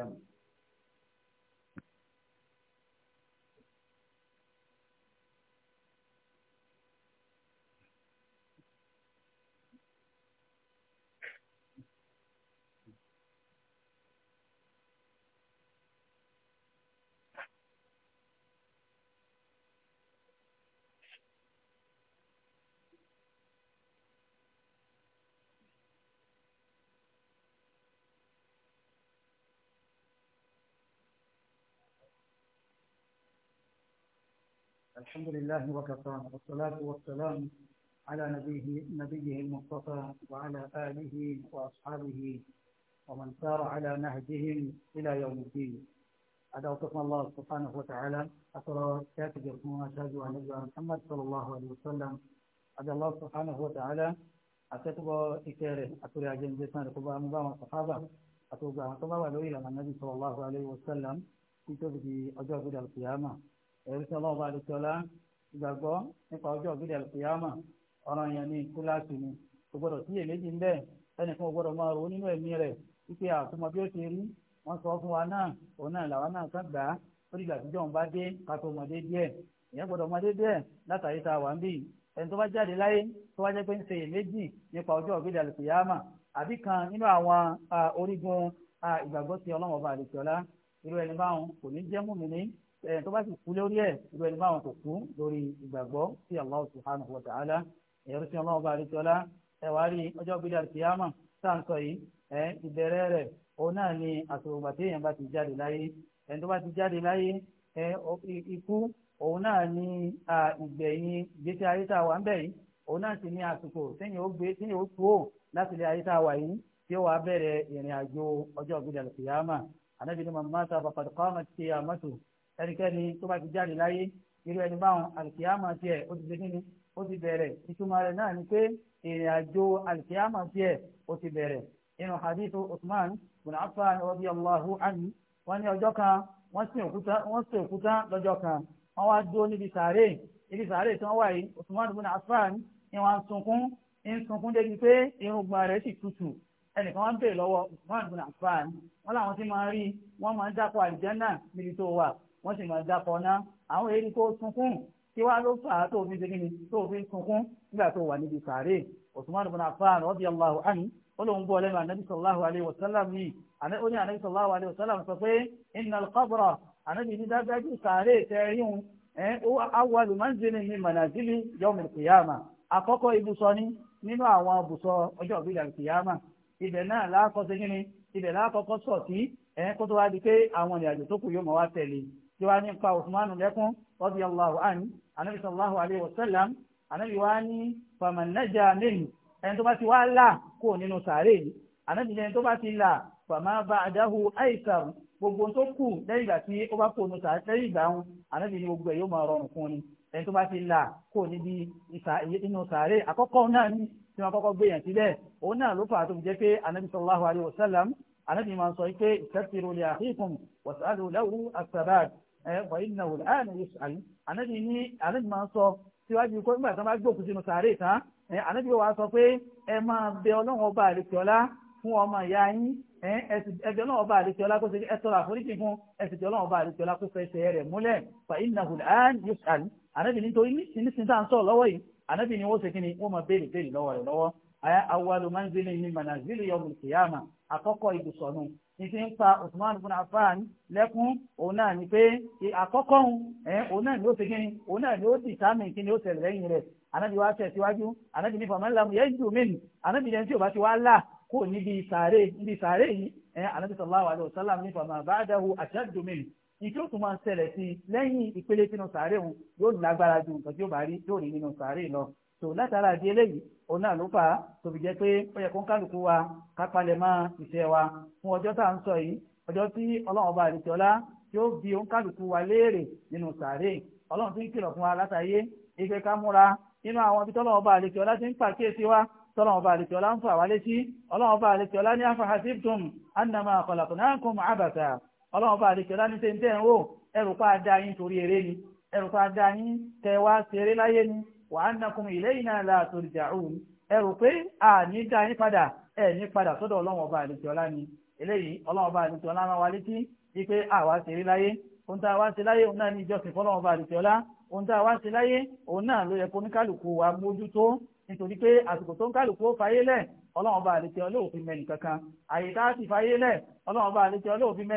Speaker 1: الحمد لله وكفى والصلاة والسلام على نبيه نبيه المصطفى وعلى آله وأصحابه ومن سار على نهجهم إلى يوم الدين هذا وصفنا الله سبحانه وتعالى أثر كاتب يرحمه شاهد النبي محمد صلى الله عليه وسلم هذا الله سبحانه وتعالى أكتب إكاره أترى جنجتنا لقباء مبام الصحابة أتوقع أتوقع النبي صلى الله عليه وسلم في تبدي أجاب إلى القيامة ẹ̀rí tí ọlọ́ọ̀bá àdìsọ́lá ìgbàgbọ́ nípa ọjọ́ ògbìdì àlùkìyàmà ọ̀ràn yẹn ní kíláàsì ni kò gbọ́dọ̀ sí èméjì ńbẹ́ ẹnìkan ò gbọ́dọ̀ máa ro nínú ẹ̀mí rẹ̀ wípé àkómọ bí ó ṣe rí wọ́n sọ fún wa náà òun náà làwa náà kàn gbà á ó dìgbà tíjọ́ ń bá dé ká tó mọ̀dé díẹ̀ ìyẹn gbọ́dọ̀ mọ̀dé díẹ̀ látàrí ta wà ń bì ẹni tó bá jáde láyé tó bá jẹ́ pé ń ṣe èméjì nípa ọjọ́ ògbìdì àlùkìyàmà àbí kan nínú àwọn orígun ìgbàgbọ́ ti ọlọ́mọba àlùkìyọ́lá irú ẹni báwọn kò ní jẹ́ mùmínì ẹ̀ tó bá sì kú lórí ẹ̀ irú ẹni báwọn kò kú lórí ìgbàgbọ́ sí Allah subhanahu wa ta'ala ẹ̀rọ sí ọlọ́run bá àríkọ́lá ẹ̀ wá rí ọjọ́ bíi àríkìyàmà tá à ń sọ yìí ẹ̀ ìbẹ̀rẹ̀ rẹ̀ òun náà ni àsòrògbà tí èèyàn bá ti jáde láyé ẹni tó bá ti jáde láyé ẹ ikú òun náà ni ìgbẹ̀yìn gbèsè ayé tá a wà ń bẹ̀ yìí òun náà sì ni àsìkò téèyàn ó gbé téèyàn ó tu láti ilé ayé tá a wà yìí tí ó wàá bẹ̀rẹ̀ ìrìn àjò ọjọ́ ìgbìdà lùkìyàmà anábìnrin màmá sábà pàtàkì ọmọ ti ṣe ẹnikẹ́ni tó bá ti jáde láyé irú ẹni báwọn àlùkìyàmà tiẹ̀ ó ti bẹ́ẹ̀ ni ó ti bẹ̀rẹ̀ ìtumọ̀ rẹ̀ náà ni pé ìrìn àjò àlùkìyàmà tiẹ̀ ó ti bẹ̀rẹ̀ inú hadithu Uthman bin Affan Allahu anhu wọ́n ní ọjọ́ kan wọ́n sin òkúta wọ́n sin òkúta lọ́jọ́ kan wọ́n wá dúró níbi sàárè níbi sàárè tí wọ́n wà yìí Uthman bin Affan ni wọ́n sunkún ń sunkún débi pé irùngbọ̀n rẹ̀ sì tutù ẹnìkan wọ́n ń bèè lọ́wọ́ Uthman bin Affan wọ́n làwọn ti máa rí wọ́n máa ń dákọ̀ àlùjánnà níbi tó wà wọ́n sì máa da ná àwọn èyí kó sunkún kí wàá ló fà á tó fi segin ni tó fi sunkún nígbà tó wà níbi sàárè Usman ibn Affan radiyallahu anhu ó lóun bọ́ lẹ́nu anabi alayhi wa sallam yìí ó anabi sallallahu alayhi wa sallam sọ pé innal qabra anabi ní dájú sàárè tẹ́ríhun manazili ibùsọ ni nínú àwọn ibùsọ ọjọ́ ìbílẹ̀ kìyàmà ibẹ̀ náà lákọ́ segin ni ibẹ̀ lákọ́kọ́ wá di pé àwọn tí wàá ní pa usman lẹ́kún radiyallahu anhu anabi sallallahu alayhi wa sallam anabi wàá ní faman naja minhu ẹni tó bá ti wá là kó nínú sàárè yìí anabi ẹni tó bá ti là fama ba'dahu aysar gbogbo tó kù lẹ́yìn ìgbà tí ó bá kó nínú sàárè lẹ́yìn ìgbà wọn anabi ni gbogbo ẹ̀ yóò máa rọrùn fún ni ẹni tó bá ti là kó níbi inú sàárè àkọ́kọ́ náà ni tí wọ́n kọ́kọ́ gbéyàn sílẹ̀ òun náà ló fà tó fi jẹ́ pé anabi sallallahu alayhi wa sallam anabi máa sọ pé istaghfiru li akhikum was'alu lahu as-sabat وإنه الآن يسأل أنا بني أنا ما صار síwájú kó nígbà tí wọn gbòkú sínú sàárè tán ànábì wa sọ pé ẹ máa bẹ ọlọ́run ọba àlekíọ́lá fún ọmọ ìyá yín ẹsẹ̀ ọlọ́run ọba àlekíọ́lá kó ṣe ẹ tọrọ àforíjì fún ẹsẹ̀ ọlọ́run ọba àlekíọ́lá kó fẹsẹ̀ rẹ̀ múlẹ̀ fa innahu al-an yus'al nítorí nísìnyí ìfi ń pa Usman ibn Affan lẹ́kún òun náà ni pé àkọ́kọ́ òun náà ni ó ti ni òun náà ni ó ti sáàmì kí ni ó tẹ̀lé lẹ́yìn rẹ̀ anabi wa tẹ̀ síwájú anabi ní faman lam yarju min anabi lẹ́yìn tí ò bá ti wá là kó níbi sàárè níbi sàárè yìí anabi sallallahu alaihi wasallam ní faman ba'dahu ashaddu min ìjọ tó máa ń ṣẹlẹ̀ sí lẹ́yìn ìpele sínú sàárè òun yóò lágbára ju nǹkan tí ó bá rí yóò rí nínú sàárè lọ tó látara di eléyìí òun náà ló fà á tó fi jẹ́ pé ó yẹ kó ń kálukú wa ká palẹ̀ mọ́ iṣẹ́ wa fún ọjọ́ tá à ń sọ bi òun kálukú wa léèrè nínú sàárè ọlọ́run tó ń ife ká múra nínú àwọn ibi tọ́lọ́run ọba ti ń pàkíyèsí wa tọ́lọ́wọ́ bá àlẹ́kẹ́ ọlá ń fà wá létí ọlọ́wọ́ bá àlẹ́kẹ́ ní annama abata wà á nàkùn ilayna la turja'un ẹ rò pé a ní dá yín padà ẹ ní padà sọ́dọ̀ ọlọ́run ọba àlejò ọlá ni eléyìí ọlọ́run ọba àlejò ọlá máa wá létí wípé àwa ṣe rí láyé ohun tá a wá ṣe láyé òun náà ní ìjọsìn fọlọ́run ọba àlejò ọlá ohun tá a wá ṣe láyé òun náà ló yẹ kó ní kálukú wa mójútó nítorí pé àsìkò tó ń kálukú ó fayé lẹ̀ ọlọ́run ọba àlejò ọlá òfin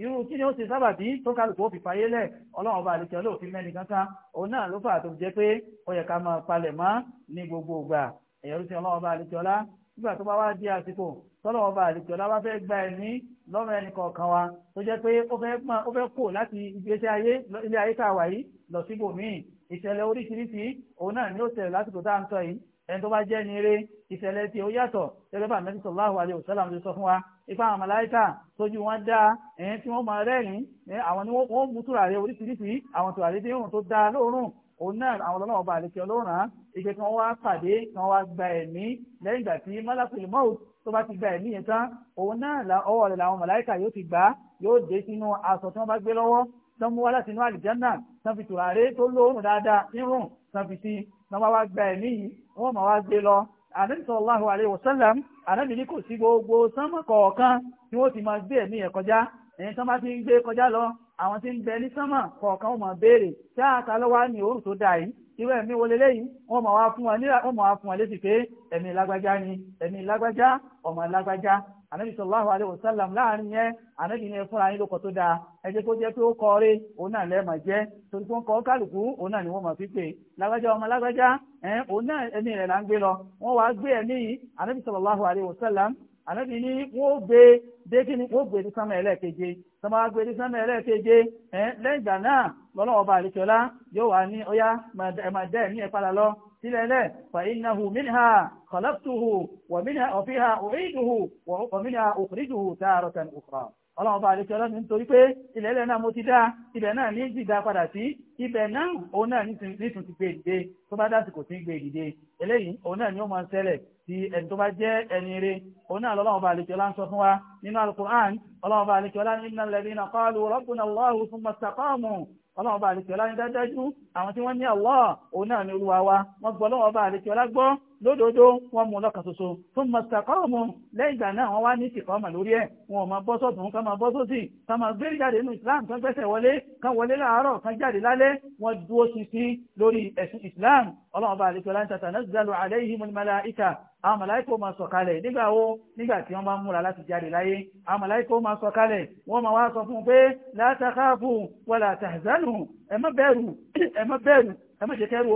Speaker 1: irú kí ni ó ti sábàbí tó kálukú ó fi fàyè lẹ̀ ọlọ́run ọba àlejò olóòfin mẹ́ni kankan òun náà ló fà tó jẹ́ pé ó yẹ ká máa palẹ̀ mọ́ ní gbogbo ìgbà ẹ̀yọ́rú sí ọlọ́run ọba àlejò ọlá nígbà tó bá wá di àsìkò tọ́lọ́run ọba àlejò ọlá wá fẹ́ gba ẹ̀mí lọ́rọ̀ ẹnì kọ̀ọ̀kan wa tó jẹ́ pé ó fẹ́ kó láti ìgbésí ayé ilé ayé tá a wà yìí lọ síbòmíì ìṣẹ̀lẹ̀ oríṣiríṣi òun náà ni ó ṣẹlẹ̀ lásìkò tá à ń sọ yìí ẹni tó bá jẹ́ ní eré ìṣẹ̀lẹ̀ tí ó yàtọ̀ gẹ́gẹ́ bá mẹ́tí sallallahu alaihi wasallam ti sọ fún wa ipa àwọn màláíkà tójú wọn dá ẹ̀yìn tí wọ́n máa rẹ́rìn àwọn ni wọ́n mú tùràrí oríṣiríṣi àwọn tùràrí tí òun tó dá lóòrùn òun náà àwọn ọlọ́wọ́ bá àlekẹ́ ọlọ́run ìgbé kan wá pàdé kan wá gba ẹ̀mí lẹ́yìn ìgbà tí malakul maut tó bá ti gba ẹ̀mí yẹn tán òun náà ọwọ́ rẹ̀ làwọn màláíkà yóò ti gbà yóò dé sínú aṣọ tí wọ́n bá gbé lọ́wọ́ tán mú wá láti inú àlìjánà tán fi tùràrí tó lóòrùn dáadáa nírùn tán fi sí náà wá gba ẹ̀mí yìí wọ́n máa wá gbé lọ ànábì sallallahu alaihi wasallam ànábì ní kò sí gbogbo sánmọ̀ kọ̀ọ̀kan tí wọ́n ti máa gbé ẹ̀mí yẹn kọjá ẹ̀yìn tán bá ti ń gbé kọjá lọ àwọn tí ń bẹ ní sánmọ̀ kọ̀ọ̀kan wọ́n máa béèrè tí àtà ló wá ní wọn létí anabi sallallahu alayhi wa sallam láàrin yẹn anabi ní fúnra yín lóko tó dáa ẹ jẹ́ kó jẹ́ pé ó kọrí òun náà lẹ́ẹ̀mọ̀ jẹ́ torí tó ń kọ́ kálukú òun náà ni wọ́n mọ̀ fi pè lágbájá ọmọ lágbájá òun náà ẹni rẹ̀ là ń gbé lọ wọ́n wá gbé ẹ̀mí yìí anabi sallallahu alayhi wa sallam anabi ní wọ́n gbé dékì ní wọ́n gbé ní sánmà ẹlẹ́ẹ̀keje sánmà wá gbé ní sánmà ẹlẹ́ẹ̀keje lẹ́yìn ìgbà náà lọ́lọ́wọ́ sílẹ̀ lẹ̀ fàínàhù mínà kọ̀lọ́pùtùhù wọ̀fíhà òrídùhù wọ̀mínà òkúrídùhù tààrọ̀tàn òkúrà ọlọ́run bá àlejò ọlọ́run nítorí pé ilẹ̀ ilẹ̀ náà mo ti dá ibẹ̀ náà ní ti dá padà sí ibẹ̀ náà òun náà nítorí ti gbé ìdìde tó bá dásìkò ọlọ́run ọba àlejò ọlá ní dájú àwọn tí wọ́n ní Allah òun náà ní olúwa wa wọ́n gbọ́ ọlọ́run ọba àlejò ọlá gbọ́ lódodo wọ́n mú lọ́kàn ṣoṣo fún mọ̀tàkọ́ọ̀mù lẹ́yìn ìgbà náà wọ́n wá ní ìtìkọ́ọ̀mà lórí ẹ̀ wọn ò máa bọ́ sọ́tún ká máa bọ́ sósì ká máa gbé jáde nínú Islam kan gbẹ́sẹ̀ wọlé kan wọlé láàárọ̀ kan jáde lálẹ́ wọ́n dúró ṣinṣin lórí ẹ̀sìn Islam ọlọ́run ọba àlejò ọlá ń tàtà náà àwọn màláìkò máa sọ̀kalẹ̀ nígbà wo nígbà tí wọ́n bá múra láti jáde láyé àwọn màláìkò máa sọ̀kalẹ̀ wọ́n máa wá sọ fún un pé la takhafu wala tahzanu [CLEARS THROAT] ẹ má bẹ̀rù ẹ má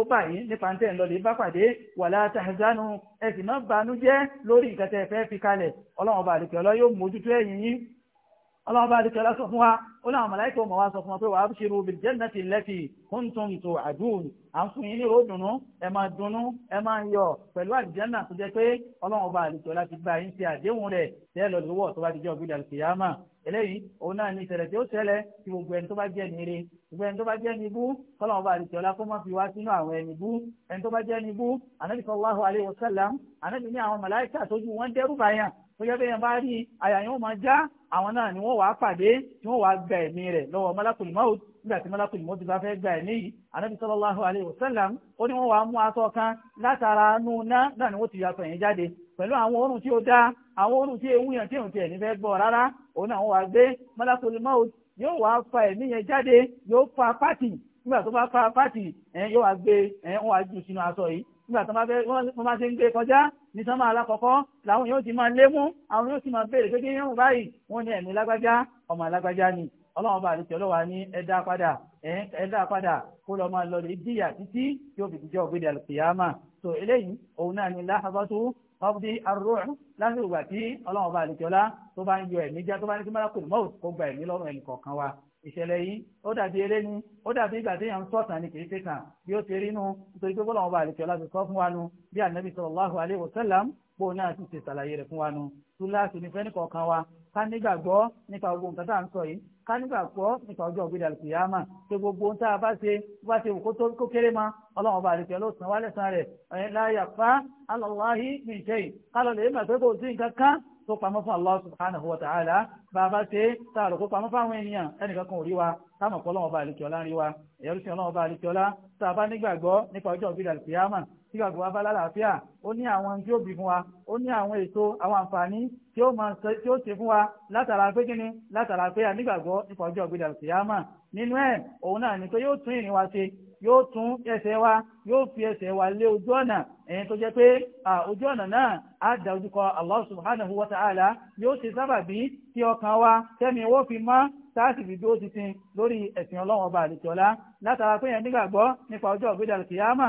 Speaker 1: ó báyìí nípa ń tẹ̀ bá pàdé wala tahzanu ẹ sì banújẹ́ lórí ìkẹtẹ̀ fẹ́ fi kalẹ̀ ọlọ́run ọba àlùkẹ́ ọlọ́ yóò mójútó ẹ̀yìn yín ọlọ́run bá dìkẹ́ lọ́sọ fún wa ó láwọn màláìkà ọmọ wa sọ fún wa pé wa abshiru bil jannati allati kuntum tu'adun à ń fún yín nírò dùnú ẹ máa dùnú ẹ máa yọ̀ pẹ̀lú àlùjánnà tó jẹ́ pé ọlọ́run bá dìkẹ́ láti gba yín ṣe àdéhùn rẹ̀ tẹ́ lọ lówó tó bá dìjọ́ gbígbà kìyàmà eléyìí òun náà ní ìṣẹ̀lẹ̀ tí ó ṣẹlẹ̀ tí gbogbo ẹni tó bá jẹ́ ní eré gbogbo ẹni tó bá jẹ́ ní ibú kọ́lọ́mù bá àdìsí ọlá kó má fi wá sínú àwọn ẹni ibú ẹni tó bá jẹ́ ní ibú anabi sallallahu alayhi wa sallam anabi ní àwọn màláìkà tójú wọn dẹ́rù báyà tó yẹ bẹ́ẹ̀ bá rí àyà yẹn wọ́n máa já àwọn náà ni wọ́n wàá pàdé tí wọ́n wàá gba rẹ̀ lọ́wọ́ malakul maut nígbà tí malakul bá fẹ́ gba ẹ̀mí yìí anabi sallallahu alayhi wa sallam ó ní wọ́n wàá mú aṣọ kan látara nù náà náà ni wọ́n ti yàtọ̀ yẹn jáde pẹ̀lú àwọn oorun tí ó dá àwọn oorun tí ewu yẹn tí òun tiẹ̀ ní fẹ́ gbọ́ rárá nígbà tó máa ṣe ń gbé kọjá ní sánmà alákọ̀ọ́kọ́ làwọn yóò ti máa lé mú àwọn yóò ti máa béèrè pé kí yóò báyìí wọ́n ní ẹ̀mí lágbájá ọmọ alágbájá ni ọlọ́run bá àdúgbò ọlọ́wà ní ẹ̀dá padà ẹ̀dá padà kó lọ máa lọ lè díyà títí tí ó fi jíjọ́ ògbédè àlùkìyàmà so eléyìí òun náà ni láhàbátú ọbí arúgbó lásìkò ìgbà tí ọlọ́run bá àdúgbò ọlá tó bá ń yọ ẹ̀mí já tó bá ní kí mọ́lá kò mọ́ kó gba ẹ̀mí lọ́rùn ẹnì kọ̀ọ̀kan wa ìṣẹ̀lẹ̀ yìí ó dàbí eré ni ó dàbí ìgbà téèyàn ń sọ̀tàn ni kìí ṣèkàn bí ó ṣe rí nu nítorí pé bọ́lá wọn bá àlejò láti sọ fún wa nu bí ànábì sallallahu alaihi wasallam bó náà sì ṣe ṣàlàyé rẹ̀ fún wa nu túláàsì ní fẹ́ni kọ̀ọ̀kan wa ká nígbàgbọ́ nípa gbogbo nǹkan à ń sọ yìí ká nígbàgbọ́ nípa ọjọ́ ògbéda kìyàmà pé gbogbo ohun tá a bá ṣe bá ṣe kó tó kéré ma ọlọ́run ọba àdìsẹ́ ló sàn wálẹ̀ sàn rẹ̀ ẹ̀yìn láyà fá alọ́láhí mi ṣe yìí ká lọ lè má pé kò sí nǹkan kan tó pamọ́ fún Allah subhanahu wa ta'ala bàbá ṣe sáàrò kó pamọ́ fáwọn ènìyàn ẹnìkan kan ò rí wa táwọn ọ̀pọ̀ ọlọ́wọ́ bá àlùkí ọlá ń rí wa ẹ̀rú sí ọlọ́wọ́ bá àlùkí ọlá tá a bá nígbàgbọ́ nípa ọjọ́ òbí dàlùkìyàmà tí gbàgbọ́ wa bá lálàáfíà ó ní àwọn tí ó bí fún wa ó ní àwọn ètò àwọn àǹfààní tí ó máa tí ó ṣe fún wa látara pé kíni látara pé a nígbàgbọ́ nípa ọjọ́ òbí dàlùkìyàmà nínú ẹ̀ òun náà ni pé yóò tún ìrìn wa ṣe yóò tún ẹsẹ̀ wa yóò fi ẹsẹ̀ wa lé ojú ọ̀nà ẹ̀yìn tó jẹ́ pé ojú ọ̀nà náà á dá ojúkọ Allah subhanahu wa ta'ala yóò ṣe sábàbí kí ọkàn wa tẹ́mi wọ́n fi mọ́ sáàsì fìdó titin lórí ẹ̀sìn ọlọ́run ọba àdìtọ́lá látara pé yẹn nígbàgbọ́ nípa ọjọ́ ọ̀gbẹ́dà kìyàmà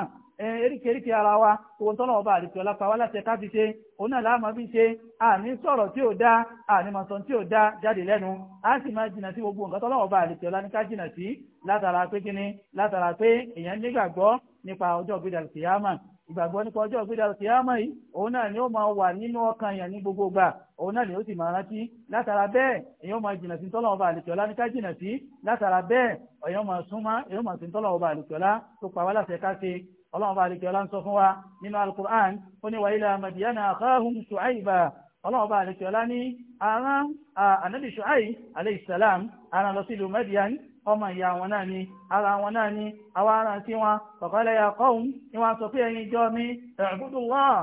Speaker 1: eríkèríkè ara wa owó tọ́lọ́run ọba àdìtọ́lá pa wá láti ẹ̀ka fi ṣe òun náà láàmú bí ṣe àní sọ̀rọ̀ tí ò dá àní mọ̀sán tí ò dá jáde lẹ́nu á sì máa jìnnà sí gbogbo nǹkan tọ́lọ́run ọba àdìtọ́lá ní ká jìnnà sí látara pé kíni látara pé èèyàn nígbàgbọ́ nípa ọjọ́ gbéra kìyàmà ìgbàgbọ́ nípa ọjọ́ ìgbéra kìyàmà yìí òun náà ni ó máa wà nínú ọkàn yẹn ní gbogbo gbà òun náà ni ó sì máa rántí látara bẹ́ẹ̀ èèyàn máa jìnà sí tọ́lọ́wọ́ bá àlùkìọ́lá ní ká jìnà sí látara bẹ́ẹ̀ èèyàn máa súnmọ́ èèyàn máa sí tọ́lọ́wọ́ bá àlùkìọ́lá tó pa wá láṣẹ ká ṣe ọlọ́run bá àlùkìọ́lá ń sọ fún wa nínú alukur'an ó ní wa ila madiyana akhahum shu'aiba ọlọ́run bá àlùkìọ́lá ní ara anabi shu'aib aleyhisselam ara lọ sí ìlú madian ọmọ ìyá wọn náà ni ara wọn náà ni àwa ara sí wọn kọ̀kọ́lẹ̀ ya qawm ni wọ́n sọ pé ẹ̀yin ìjọ mi i'budullah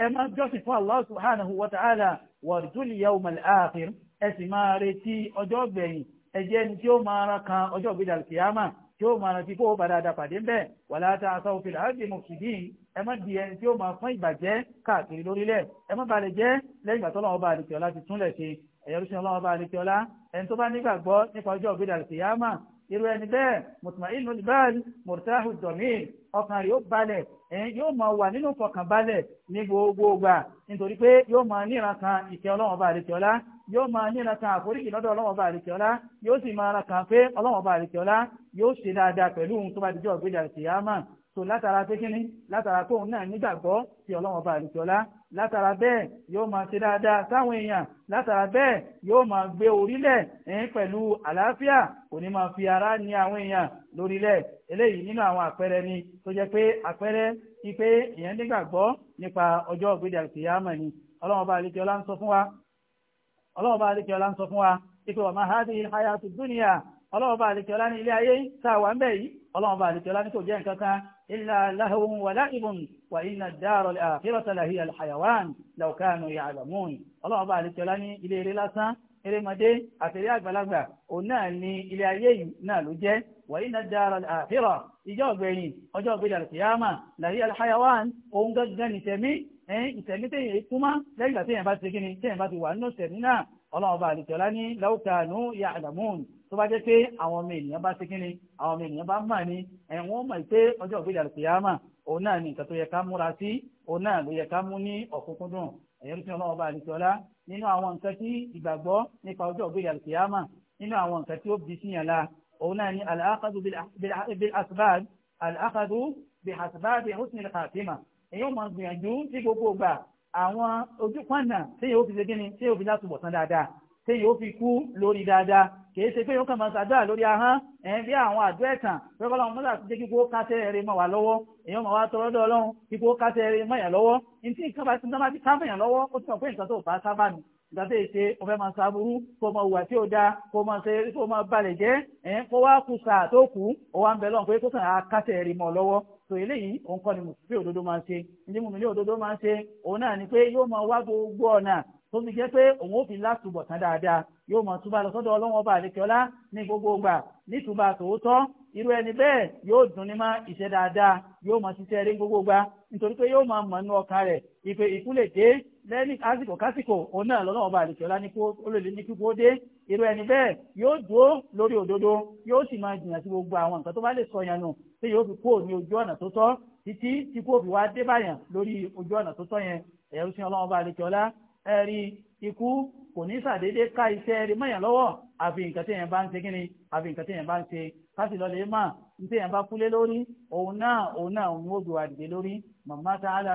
Speaker 1: ẹ máa jọ́sìn fún Allah subhanahu wa ta'ala warjul yawmal akhir ẹ sì máa retí ọjọ́ gbẹ̀yìn ẹjẹ́ ni tí ó máa ra kan ọjọ́ ìgbéjà kìámà tí ó máa ra ti kó pàdé ń wà láta aṣọ òfin àádìí mufsidin ẹ má di ẹni tí ó máa fún ìbàjẹ́ káàkiri lórílẹ̀ ẹ má balẹ̀ jẹ́ lẹ́yìn ẹ̀yọ́ ló ṣe ọlọ́run bá àlejò ọlá ẹni tó bá nígbàgbọ́ nípa ọjọ́ ògbéda àlùkìyámà irú ẹni bẹ́ẹ̀ mutmainu libal murtahu domin ọkàn rẹ̀ yóò balẹ̀ ẹ̀yìn yóò máa wà nínú fọkànbalẹ̀ ní gbogbo ìgbà nítorí pé yóò máa níran kan ìkẹ́ ọlọ́run bá àlejò ọlá yóò máa níra kan àforíkì lọ́dọ̀ ọlọ́wọ́n bá àríkẹ́ ọlá yóò sì máa ra kan pé ọlọ́wọ́n bá àríkẹ́ ọlá látara bẹ́ẹ̀ yóò máa ṣe dáadáa sáwọn èèyàn látara bẹ́ẹ̀ yóò máa gbé orílẹ̀ ẹ̀yìn pẹ̀lú àlàáfíà kò ní máa fi ara ní àwọn èèyàn lórílẹ̀ eléyìí nínú àwọn àpẹẹrẹ ni tó jẹ́ pé àpẹẹrẹ ti pé èèyàn nígbàgbọ́ nípa ọjọ́ ògbéjà kìyàmọ̀ ni ọlọ́run bá àlejò ọlá ń sọ fún wa ọlọ́run bá àlejò ọlá ń sọ fún wa ipe wa ma hadi hayatu dunya ọlọ́run bá àlejò ọlá ní ilé ayé tá a wà ń bẹ̀ yìí ọlọ́run bá àlejò ọlá ní kò jẹ́ nǹkan kan إلا لهو ولعب وإن الدار الآخرة لهي الحيوان لو كانوا يعلمون الله بعد الكلام إلي رلاسا إلي مدي أتري بلغة ونالني إلي أيين نالو جي وإن الدار الآخرة إجاب بيني أجاب إلى القيامة لهي الحيوان ونقدني تمي ìtẹ̀mí tẹ̀yìn kúmá lẹ́yìn ìgbà tẹ̀yìn bá ti kí ni tẹ̀yìn bá ti wà nínú tẹ̀mí náà ọlọ́run bá àlùjọ́lá ní láwùkánú ya àdàmún tó bá jẹ́ pé àwọn ọmọ ènìyàn bá ti kí ni àwọn ọmọ ènìyàn bá mà ní ẹ̀wọ̀n mọ̀ pé ọjọ́ òbí àlùkìyàmà òun náà ní nǹkan tó yẹ ká múra sí òun náà ló yẹ ká mú ní ọ̀kúnkúndùn ẹ̀yẹ́rú tí ọlọ́run bá àlùjọ́lá èyí ó máa gbìyànjú ní gbogbo ìgbà àwọn ojúpọ̀nà tí yóò fi ṣe kí ni tí yóò fi látúbọ̀ tán dáadáa tí yóò fi kú lórí dáadáa kìí ṣe pé yóò kàn máa ṣàdúrà lórí ahọ́n ẹ̀yìn bí àwọn àdúrà ẹ̀tàn pẹ́kọ́ lọ́wọ́ mọ́tà ti jẹ́ kíkó kásẹ̀ rẹ̀ mọ́ wà lọ́wọ́ èèyàn máa wá tọrọ dọ́ ọlọ́run kíkó kásẹ̀ rẹ̀ mọ́ yàn lọ́wọ́ ní tí nǹkan bá ti dáná ti káfẹ́ yàn lọ́wọ́ ó ti mọ̀ pé nǹkan tó bá sábà nù gbàtẹ́ ìṣe ọ̀fẹ́ máa ṣàbúrú kó máa hùwà tí ó dáa kó máa ṣe kó máa balẹ̀ jẹ́ ẹ̀ẹ́n kó wá kùsà tó kù ó wá ń bẹ lọ́n pé kó sàn á kásẹ̀ rí lọ́wọ́ tò eléyìí òun kọ́ ni mùsùlùmí òdodo máa ń ṣe ní mùmílẹ̀ òdodo máa ń ṣe òun náà ni pé yóò máa wá gbogbo ọ̀nà tó fi jẹ́ pé òun ó fi látúbọ̀ tán dáadáa yóò máa túbà lọ sọ́dọ̀ ọlọ́wọ́n ọba àlekẹ́ọ́lá ní gbogbo ìgbà nítúbà tòótọ́ irú ẹni bẹ́ẹ̀ yóò dùn ní má iṣẹ́ dáadáa yóò máa ṣiṣẹ́ rí gbogbo ìgbà nítorí pé yóò máa mọ̀ nínú ọkàn rẹ̀ ìpè ìkúlẹ̀ dé lẹ́ni kásìkò kásìkò òun náà lọ́nà ọba àlùkìọ́lá ní kó olóòlé ní kíkó dé irú ẹni bẹ́ẹ̀ yóò dúró lórí òdodo yóò sì máa jìnnà sí gbogbo àwọn nǹkan tó bá lè sọ yẹn nù tí yóò fi kó ní ojú ọ̀nà tó tọ́ títí tí kò fi wá dé báyàn lórí ojú ọ̀nà tó tọ́ yẹn ẹ̀rù sí ọlọ́run ọba àlùkìọ́lá ẹ̀rí ikú kò ní sàdédé ká iṣẹ́ rí mọ́yàn lọ́wọ́ àfi nǹkan téèyàn bá ń ṣe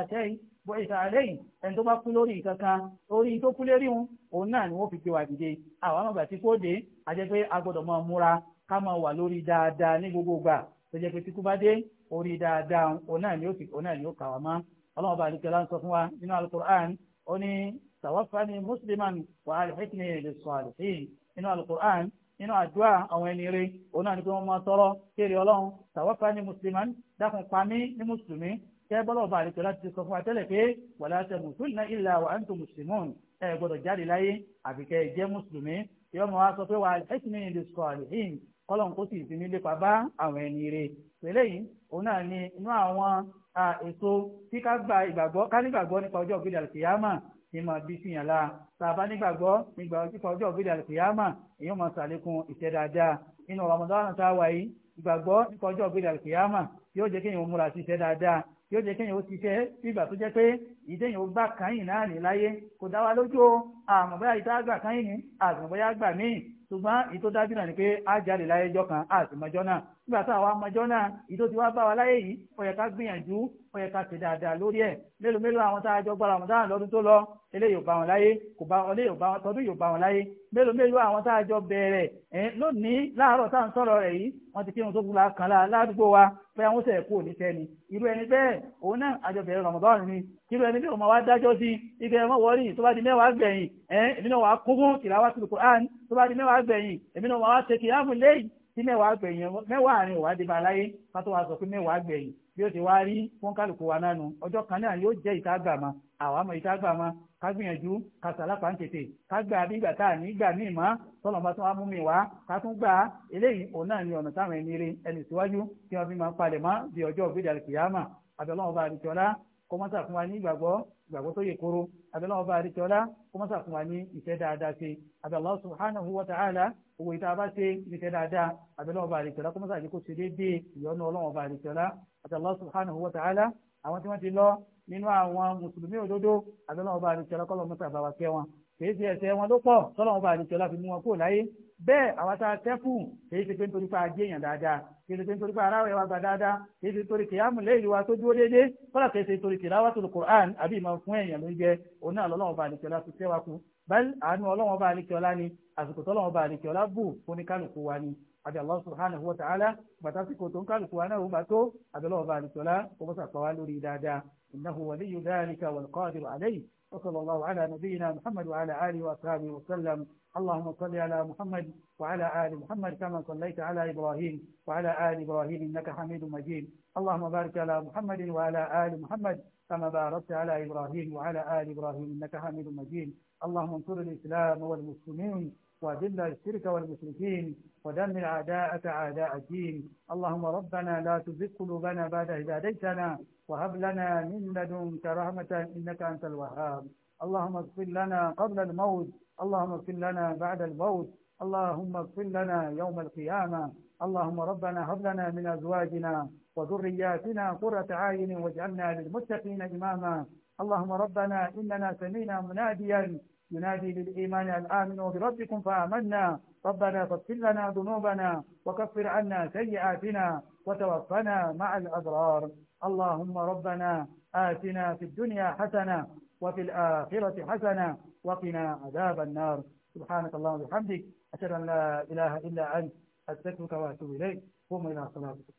Speaker 1: kíni wọ ìsàlẹ́yìn ẹni tó bá kú lórí kankan orí tó kú lérí wọn òun náà ni wọ́n fi gbé wa dìde àwọn àmàgbà tí kò dé àjẹ́ pé a gbọ́dọ̀ máa múra ká máa wà lórí dáadáa ní gbogbo gbà tó jẹ́ pé tíkú bá dé orí dáadáa òun náà ni ó fi òun náà ni ó kà wá mọ́ ọlọ́run bá àlùkẹ́ láǹsọ fún wa nínú alukur'an ó ní tawaffani musliman wa alhiqni bis-salihin nínú alukur'an nínú àdúrà àwọn ẹni rẹ òun náà ni pé wọ́n máa tọrọ kéré ọlọ́run musliman dákun pa mí ní mùsùlùmí kẹ́ bọ́lá ọba àlejò láti sọ fún wa tẹ́lẹ̀ pé wàlá sẹ́gun tó iná ìlà wa antum muslimun ẹ gbọ́dọ̀ jáde láyé àfi kẹ́ ẹ jẹ́ mùsùlùmí yọ ọmọ wa sọ pé wà ẹ́sìnì ìlú sọ̀rìn kọ́lọ́n kó sì ìsinmi lépa bá àwọn ẹni rè pẹ̀lẹ́ yìí òun náà ni inú àwọn èso tí ká gba ìgbàgbọ́ ká nígbàgbọ́ nípa ọjọ́ ògbéde àlùkìyàmà ní máa bí fìyàn la tàbá nígbàgbọ́ nígbà nípa ọjọ́ ògbéde àlùkìyàmà yóò jẹ́ kéèyàn ó ṣiṣẹ́ bígbà tó jẹ́ pé ìdéyàn ó gbà kányìn náà ní láyé kò dá wa lójú o àmọ́ bóyá ìta gbà kányìn ní àgbọ̀n bóyá gbà míì ṣùgbọ́n ìtó dájú náà ni pé á jáde láyé jọ kan àtìmọ́jọ́ náà nígbà tá àwọn amọ̀jọ́ náà ìdó ti wá bá wa láyé yìí ó yẹ ká gbìyànjú ó yẹ ká ṣe dáadáa lórí ẹ̀ mélòó mélòó àwọn tá a jọ gbára wọn dáhùn lọ́dún tó lọ eléyìí ò bá wọn láyé kò bá wọn eléyìí ò bá wọn tọdún yìí ò bá wọn láyé mélòó mélòó àwọn tá a jọ bẹ̀rẹ̀ ẹ̀ lónìí láàárọ̀ tá à ń sọ̀rọ̀ rẹ̀ yìí wọ́n ti kírun tó kú kan ládùúgbò wa pé àwọn sẹ̀ kú òní tẹ́ni irú ẹni bẹ́ẹ̀ òun náà àjọ bẹ̀rẹ̀ rọ̀mọ̀bọ́ọ̀rùn ni irú ẹni bẹ́ẹ̀ òun wá dájọ́ sí ike ẹ̀wọ̀n wọrí tó bá di mẹ́wàá gbẹ̀yìn ẹ̀ èmi náà wàá kúngún tìlàwá tìlùkù án tó bá di mẹ́wàá gbẹ̀yìn èmi náà wàá ṣe kìyàmù lẹ́yìn tí mẹ́wàá gbẹ̀yìn mẹ́wàá àárín ìwádìí bá láyé ká tó wá sọ pé mẹ́wàá gbẹ̀yìn bí ó ti wá rí fún kálukú wa nánu ọjọ́ kan náà yóò jẹ́ ìta gbà ma àwa mọ̀ ìta gbà ma ká gbìyànjú ká sàlápà ń tètè ká gbà bí ìgbà tá à ní gbà míì mọ́ tọ́lọ̀ bá tún wá mú mi wá ká tún gbà eléyìí òun náà ni ọ̀nà táwọn ẹni rí ẹni síwájú tí wọ́n fi máa palẹ̀ mọ́ bí ọjọ́ òbí dàlùkìyàmà àbẹ̀lọ́wọ́n bá àdìjọ́lá kọ́mọ́sà fún wa ìgbàgbọ́ tó yẹ kóró abẹ́lẹ́ ọba àríkẹ́ọ́lá kó mọ́ sàkún wa ní ìfẹ́ dáadáa ṣe abẹ́lẹ́ ọba subhanahu wa ta'ala owó ìta bá ṣe ìfẹ́ dáadáa abẹ́lẹ́ ọba àríkẹ́ọ́lá kó mọ́ sàkún kó ṣe déédéé ìyọ́nú ọlọ́run ọba àríkẹ́ọ́lá abẹ́lẹ́ ọba subhanahu wa ta'ala àwọn tí wọ́n ti lọ nínú àwọn mùsùlùmí òdodo abẹ́lẹ́ ọba àríkẹ́ọ́lá kọ́ lọ́mọ́sà kìí ṣe nítorí pé aráwẹ̀ wa gbà dáadáa kìí ṣe nítorí kìyàmù lẹ́yìn wa tó dúró déédéé kọ́lá kìí ṣe nítorí tìláwàtul Qur'an àbí ìmọ̀ fún èèyàn ló ń jẹ òun náà lọ́lọ́wọ́ bá àlekẹ́ ọlá fi tẹ́ wa kú bẹ́ẹ̀ àánú ọlọ́wọ́ bá àlekẹ́ ọlá ni àsìkò tọ́lọ́wọ́ bá àlekẹ́ ọlá bù oníkálukú wa ni àbí Allah subhanahu wa ta'ala bàtà sí tó àbí ọlọ́wọ́ wa lórí وصلى الله على نبينا محمد وعلى آله وأصحابه وسلم اللهم صل على محمد وعلى آل محمد كما صليت على إبراهيم وعلى آل إبراهيم إنك حميد مجيد اللهم بارك على محمد وعلى آل محمد كما باركت على إبراهيم وعلى آل إبراهيم إنك حميد مجيد اللهم انصر الإسلام والمسلمين وذل الشرك والمشركين ودمر أعداءك أعداء الدين اللهم ربنا لا تزغ قلوبنا بعد إذ هديتنا وهب لنا من لدنك رحمة إنك أنت الوهاب اللهم اغفر لنا قبل الموت اللهم اغفر لنا بعد الموت اللهم اغفر لنا يوم القيامة اللهم ربنا هب لنا من أزواجنا وذرياتنا قرة عين واجعلنا للمتقين إماما اللهم ربنا إننا سمينا مناديا ينادي للإيمان أن آمنوا بربكم فآمنا ربنا فاغفر لنا ذنوبنا وكفر عنا سيئاتنا وتوفنا مع الأبرار اللهم ربنا آتنا في الدنيا حسنة وفي الآخرة حسنة وقنا عذاب النار سبحانك اللهم وبحمدك أشهد أن لا إله إلا أنت أستغفرك وأتوب إليك قوموا إلى صلاتك